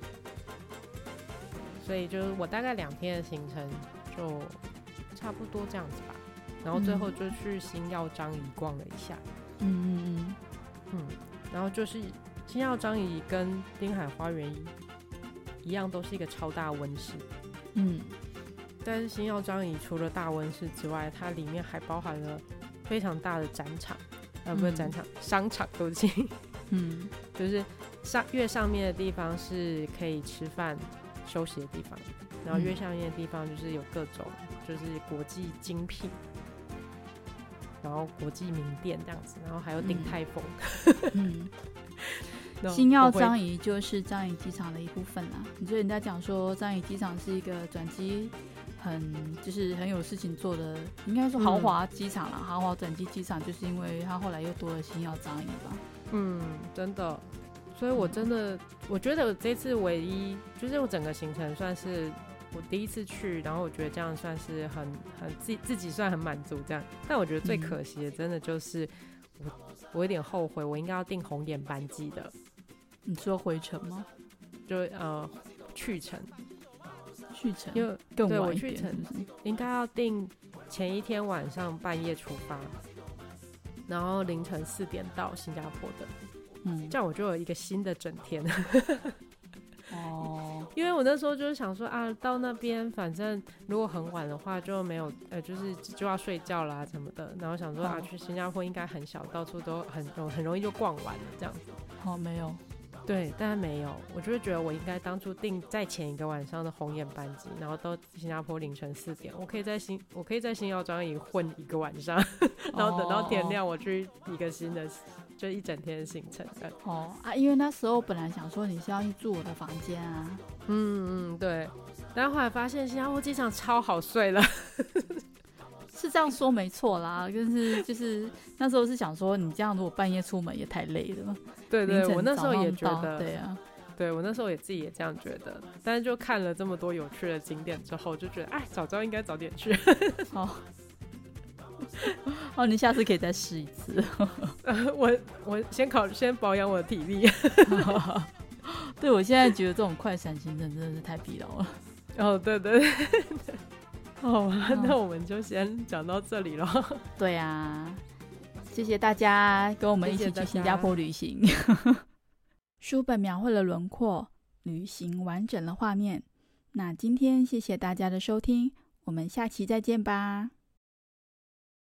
B: 所以就是我大概兩天的行程就差不多這樣子吧，然後最後就去星耀樟宜逛了一下。嗯嗯嗯嗯，然後就是星耀樟宜跟濱海花園一樣都是一個超大溫室，嗯，但是星耀樟宜除了大溫室之外，它裡面還包含了非常大的展場，嗯、呃，不是展場，嗯、商場都進，嗯，就是上越上面的地方是可以吃飯休息的地方，然後越下面的地方就是有各種、嗯就是、有各種就是國際精品，然後國際名店這樣子，然後還有鼎泰豐。嗯呵呵嗯
A: No, 星耀樟宜就是樟宜機場的一部分啦。你以人家講說，樟宜機場是一個轉機很，很就是很有事情做的，應該說豪華機場了，嗯，豪華轉機機場，就是因為它後來又多了星耀樟宜吧。嗯，
B: 真的。所以我真的，嗯，我覺得我這次唯一就是我整個行程算是我第一次去，然後我覺得這樣算是很很自自己算很滿足這樣。但我覺得最可惜的，真的就是我。嗯我有點後悔，我應該要訂紅眼班機的。
A: 你、嗯、說回程嗎？
B: 就呃去程、哦，去程，
A: 因為更晚一點，對我去程
B: 應該要訂前一天晚上半夜出發，然後凌晨四點到新加坡的。嗯，這樣我就有一個新的整天。 哦，因為我那時候就是想說啊，到那邊反正如果很晚的話就沒有，呃，就是就要睡覺啦、啊、什麼的。然後想說啊，去新加坡應該很小，到處都很很容易就逛完了這樣子。哦，沒有，對，但是沒有，我就是覺得我應該當初訂在前一個晚上的紅眼班機，然後到新加坡凌晨四點，我可以在新我可以在新樟宜裡混一個晚上， 然後等到天亮，我去一個新的。哦就一整天的行程的
A: 哦啊，因為那時候本來想說，你是要去住我的房間啊，嗯嗯對，
B: 但後來發現新加坡機場超好睡了，
A: 是這樣說沒錯啦，就是就是 那時候是想說，你這樣如果半夜出門也太累了，對對，對我那時候也覺得，對啊，
B: 對我那時候也自己也這樣覺得，但是就看了這麼多有趣的景點之後，就覺得哎早知道，應該早點去， 哦
A: 哦，你下次可以再試一次。
B: 呃、我我先考先保養我
A: 的體力、 哦。對，我現在覺得這種快閃行程真的是太疲勞
B: 了。哦，對對對。好啊、哦嗯，那我們就先講到這裡了、
A: 哦。對啊，謝謝大家跟我們一起去新加坡旅行。謝謝 書本描繪了輪廓，旅行完整了畫面。那今天謝謝大家的收聽，我們下期再見吧。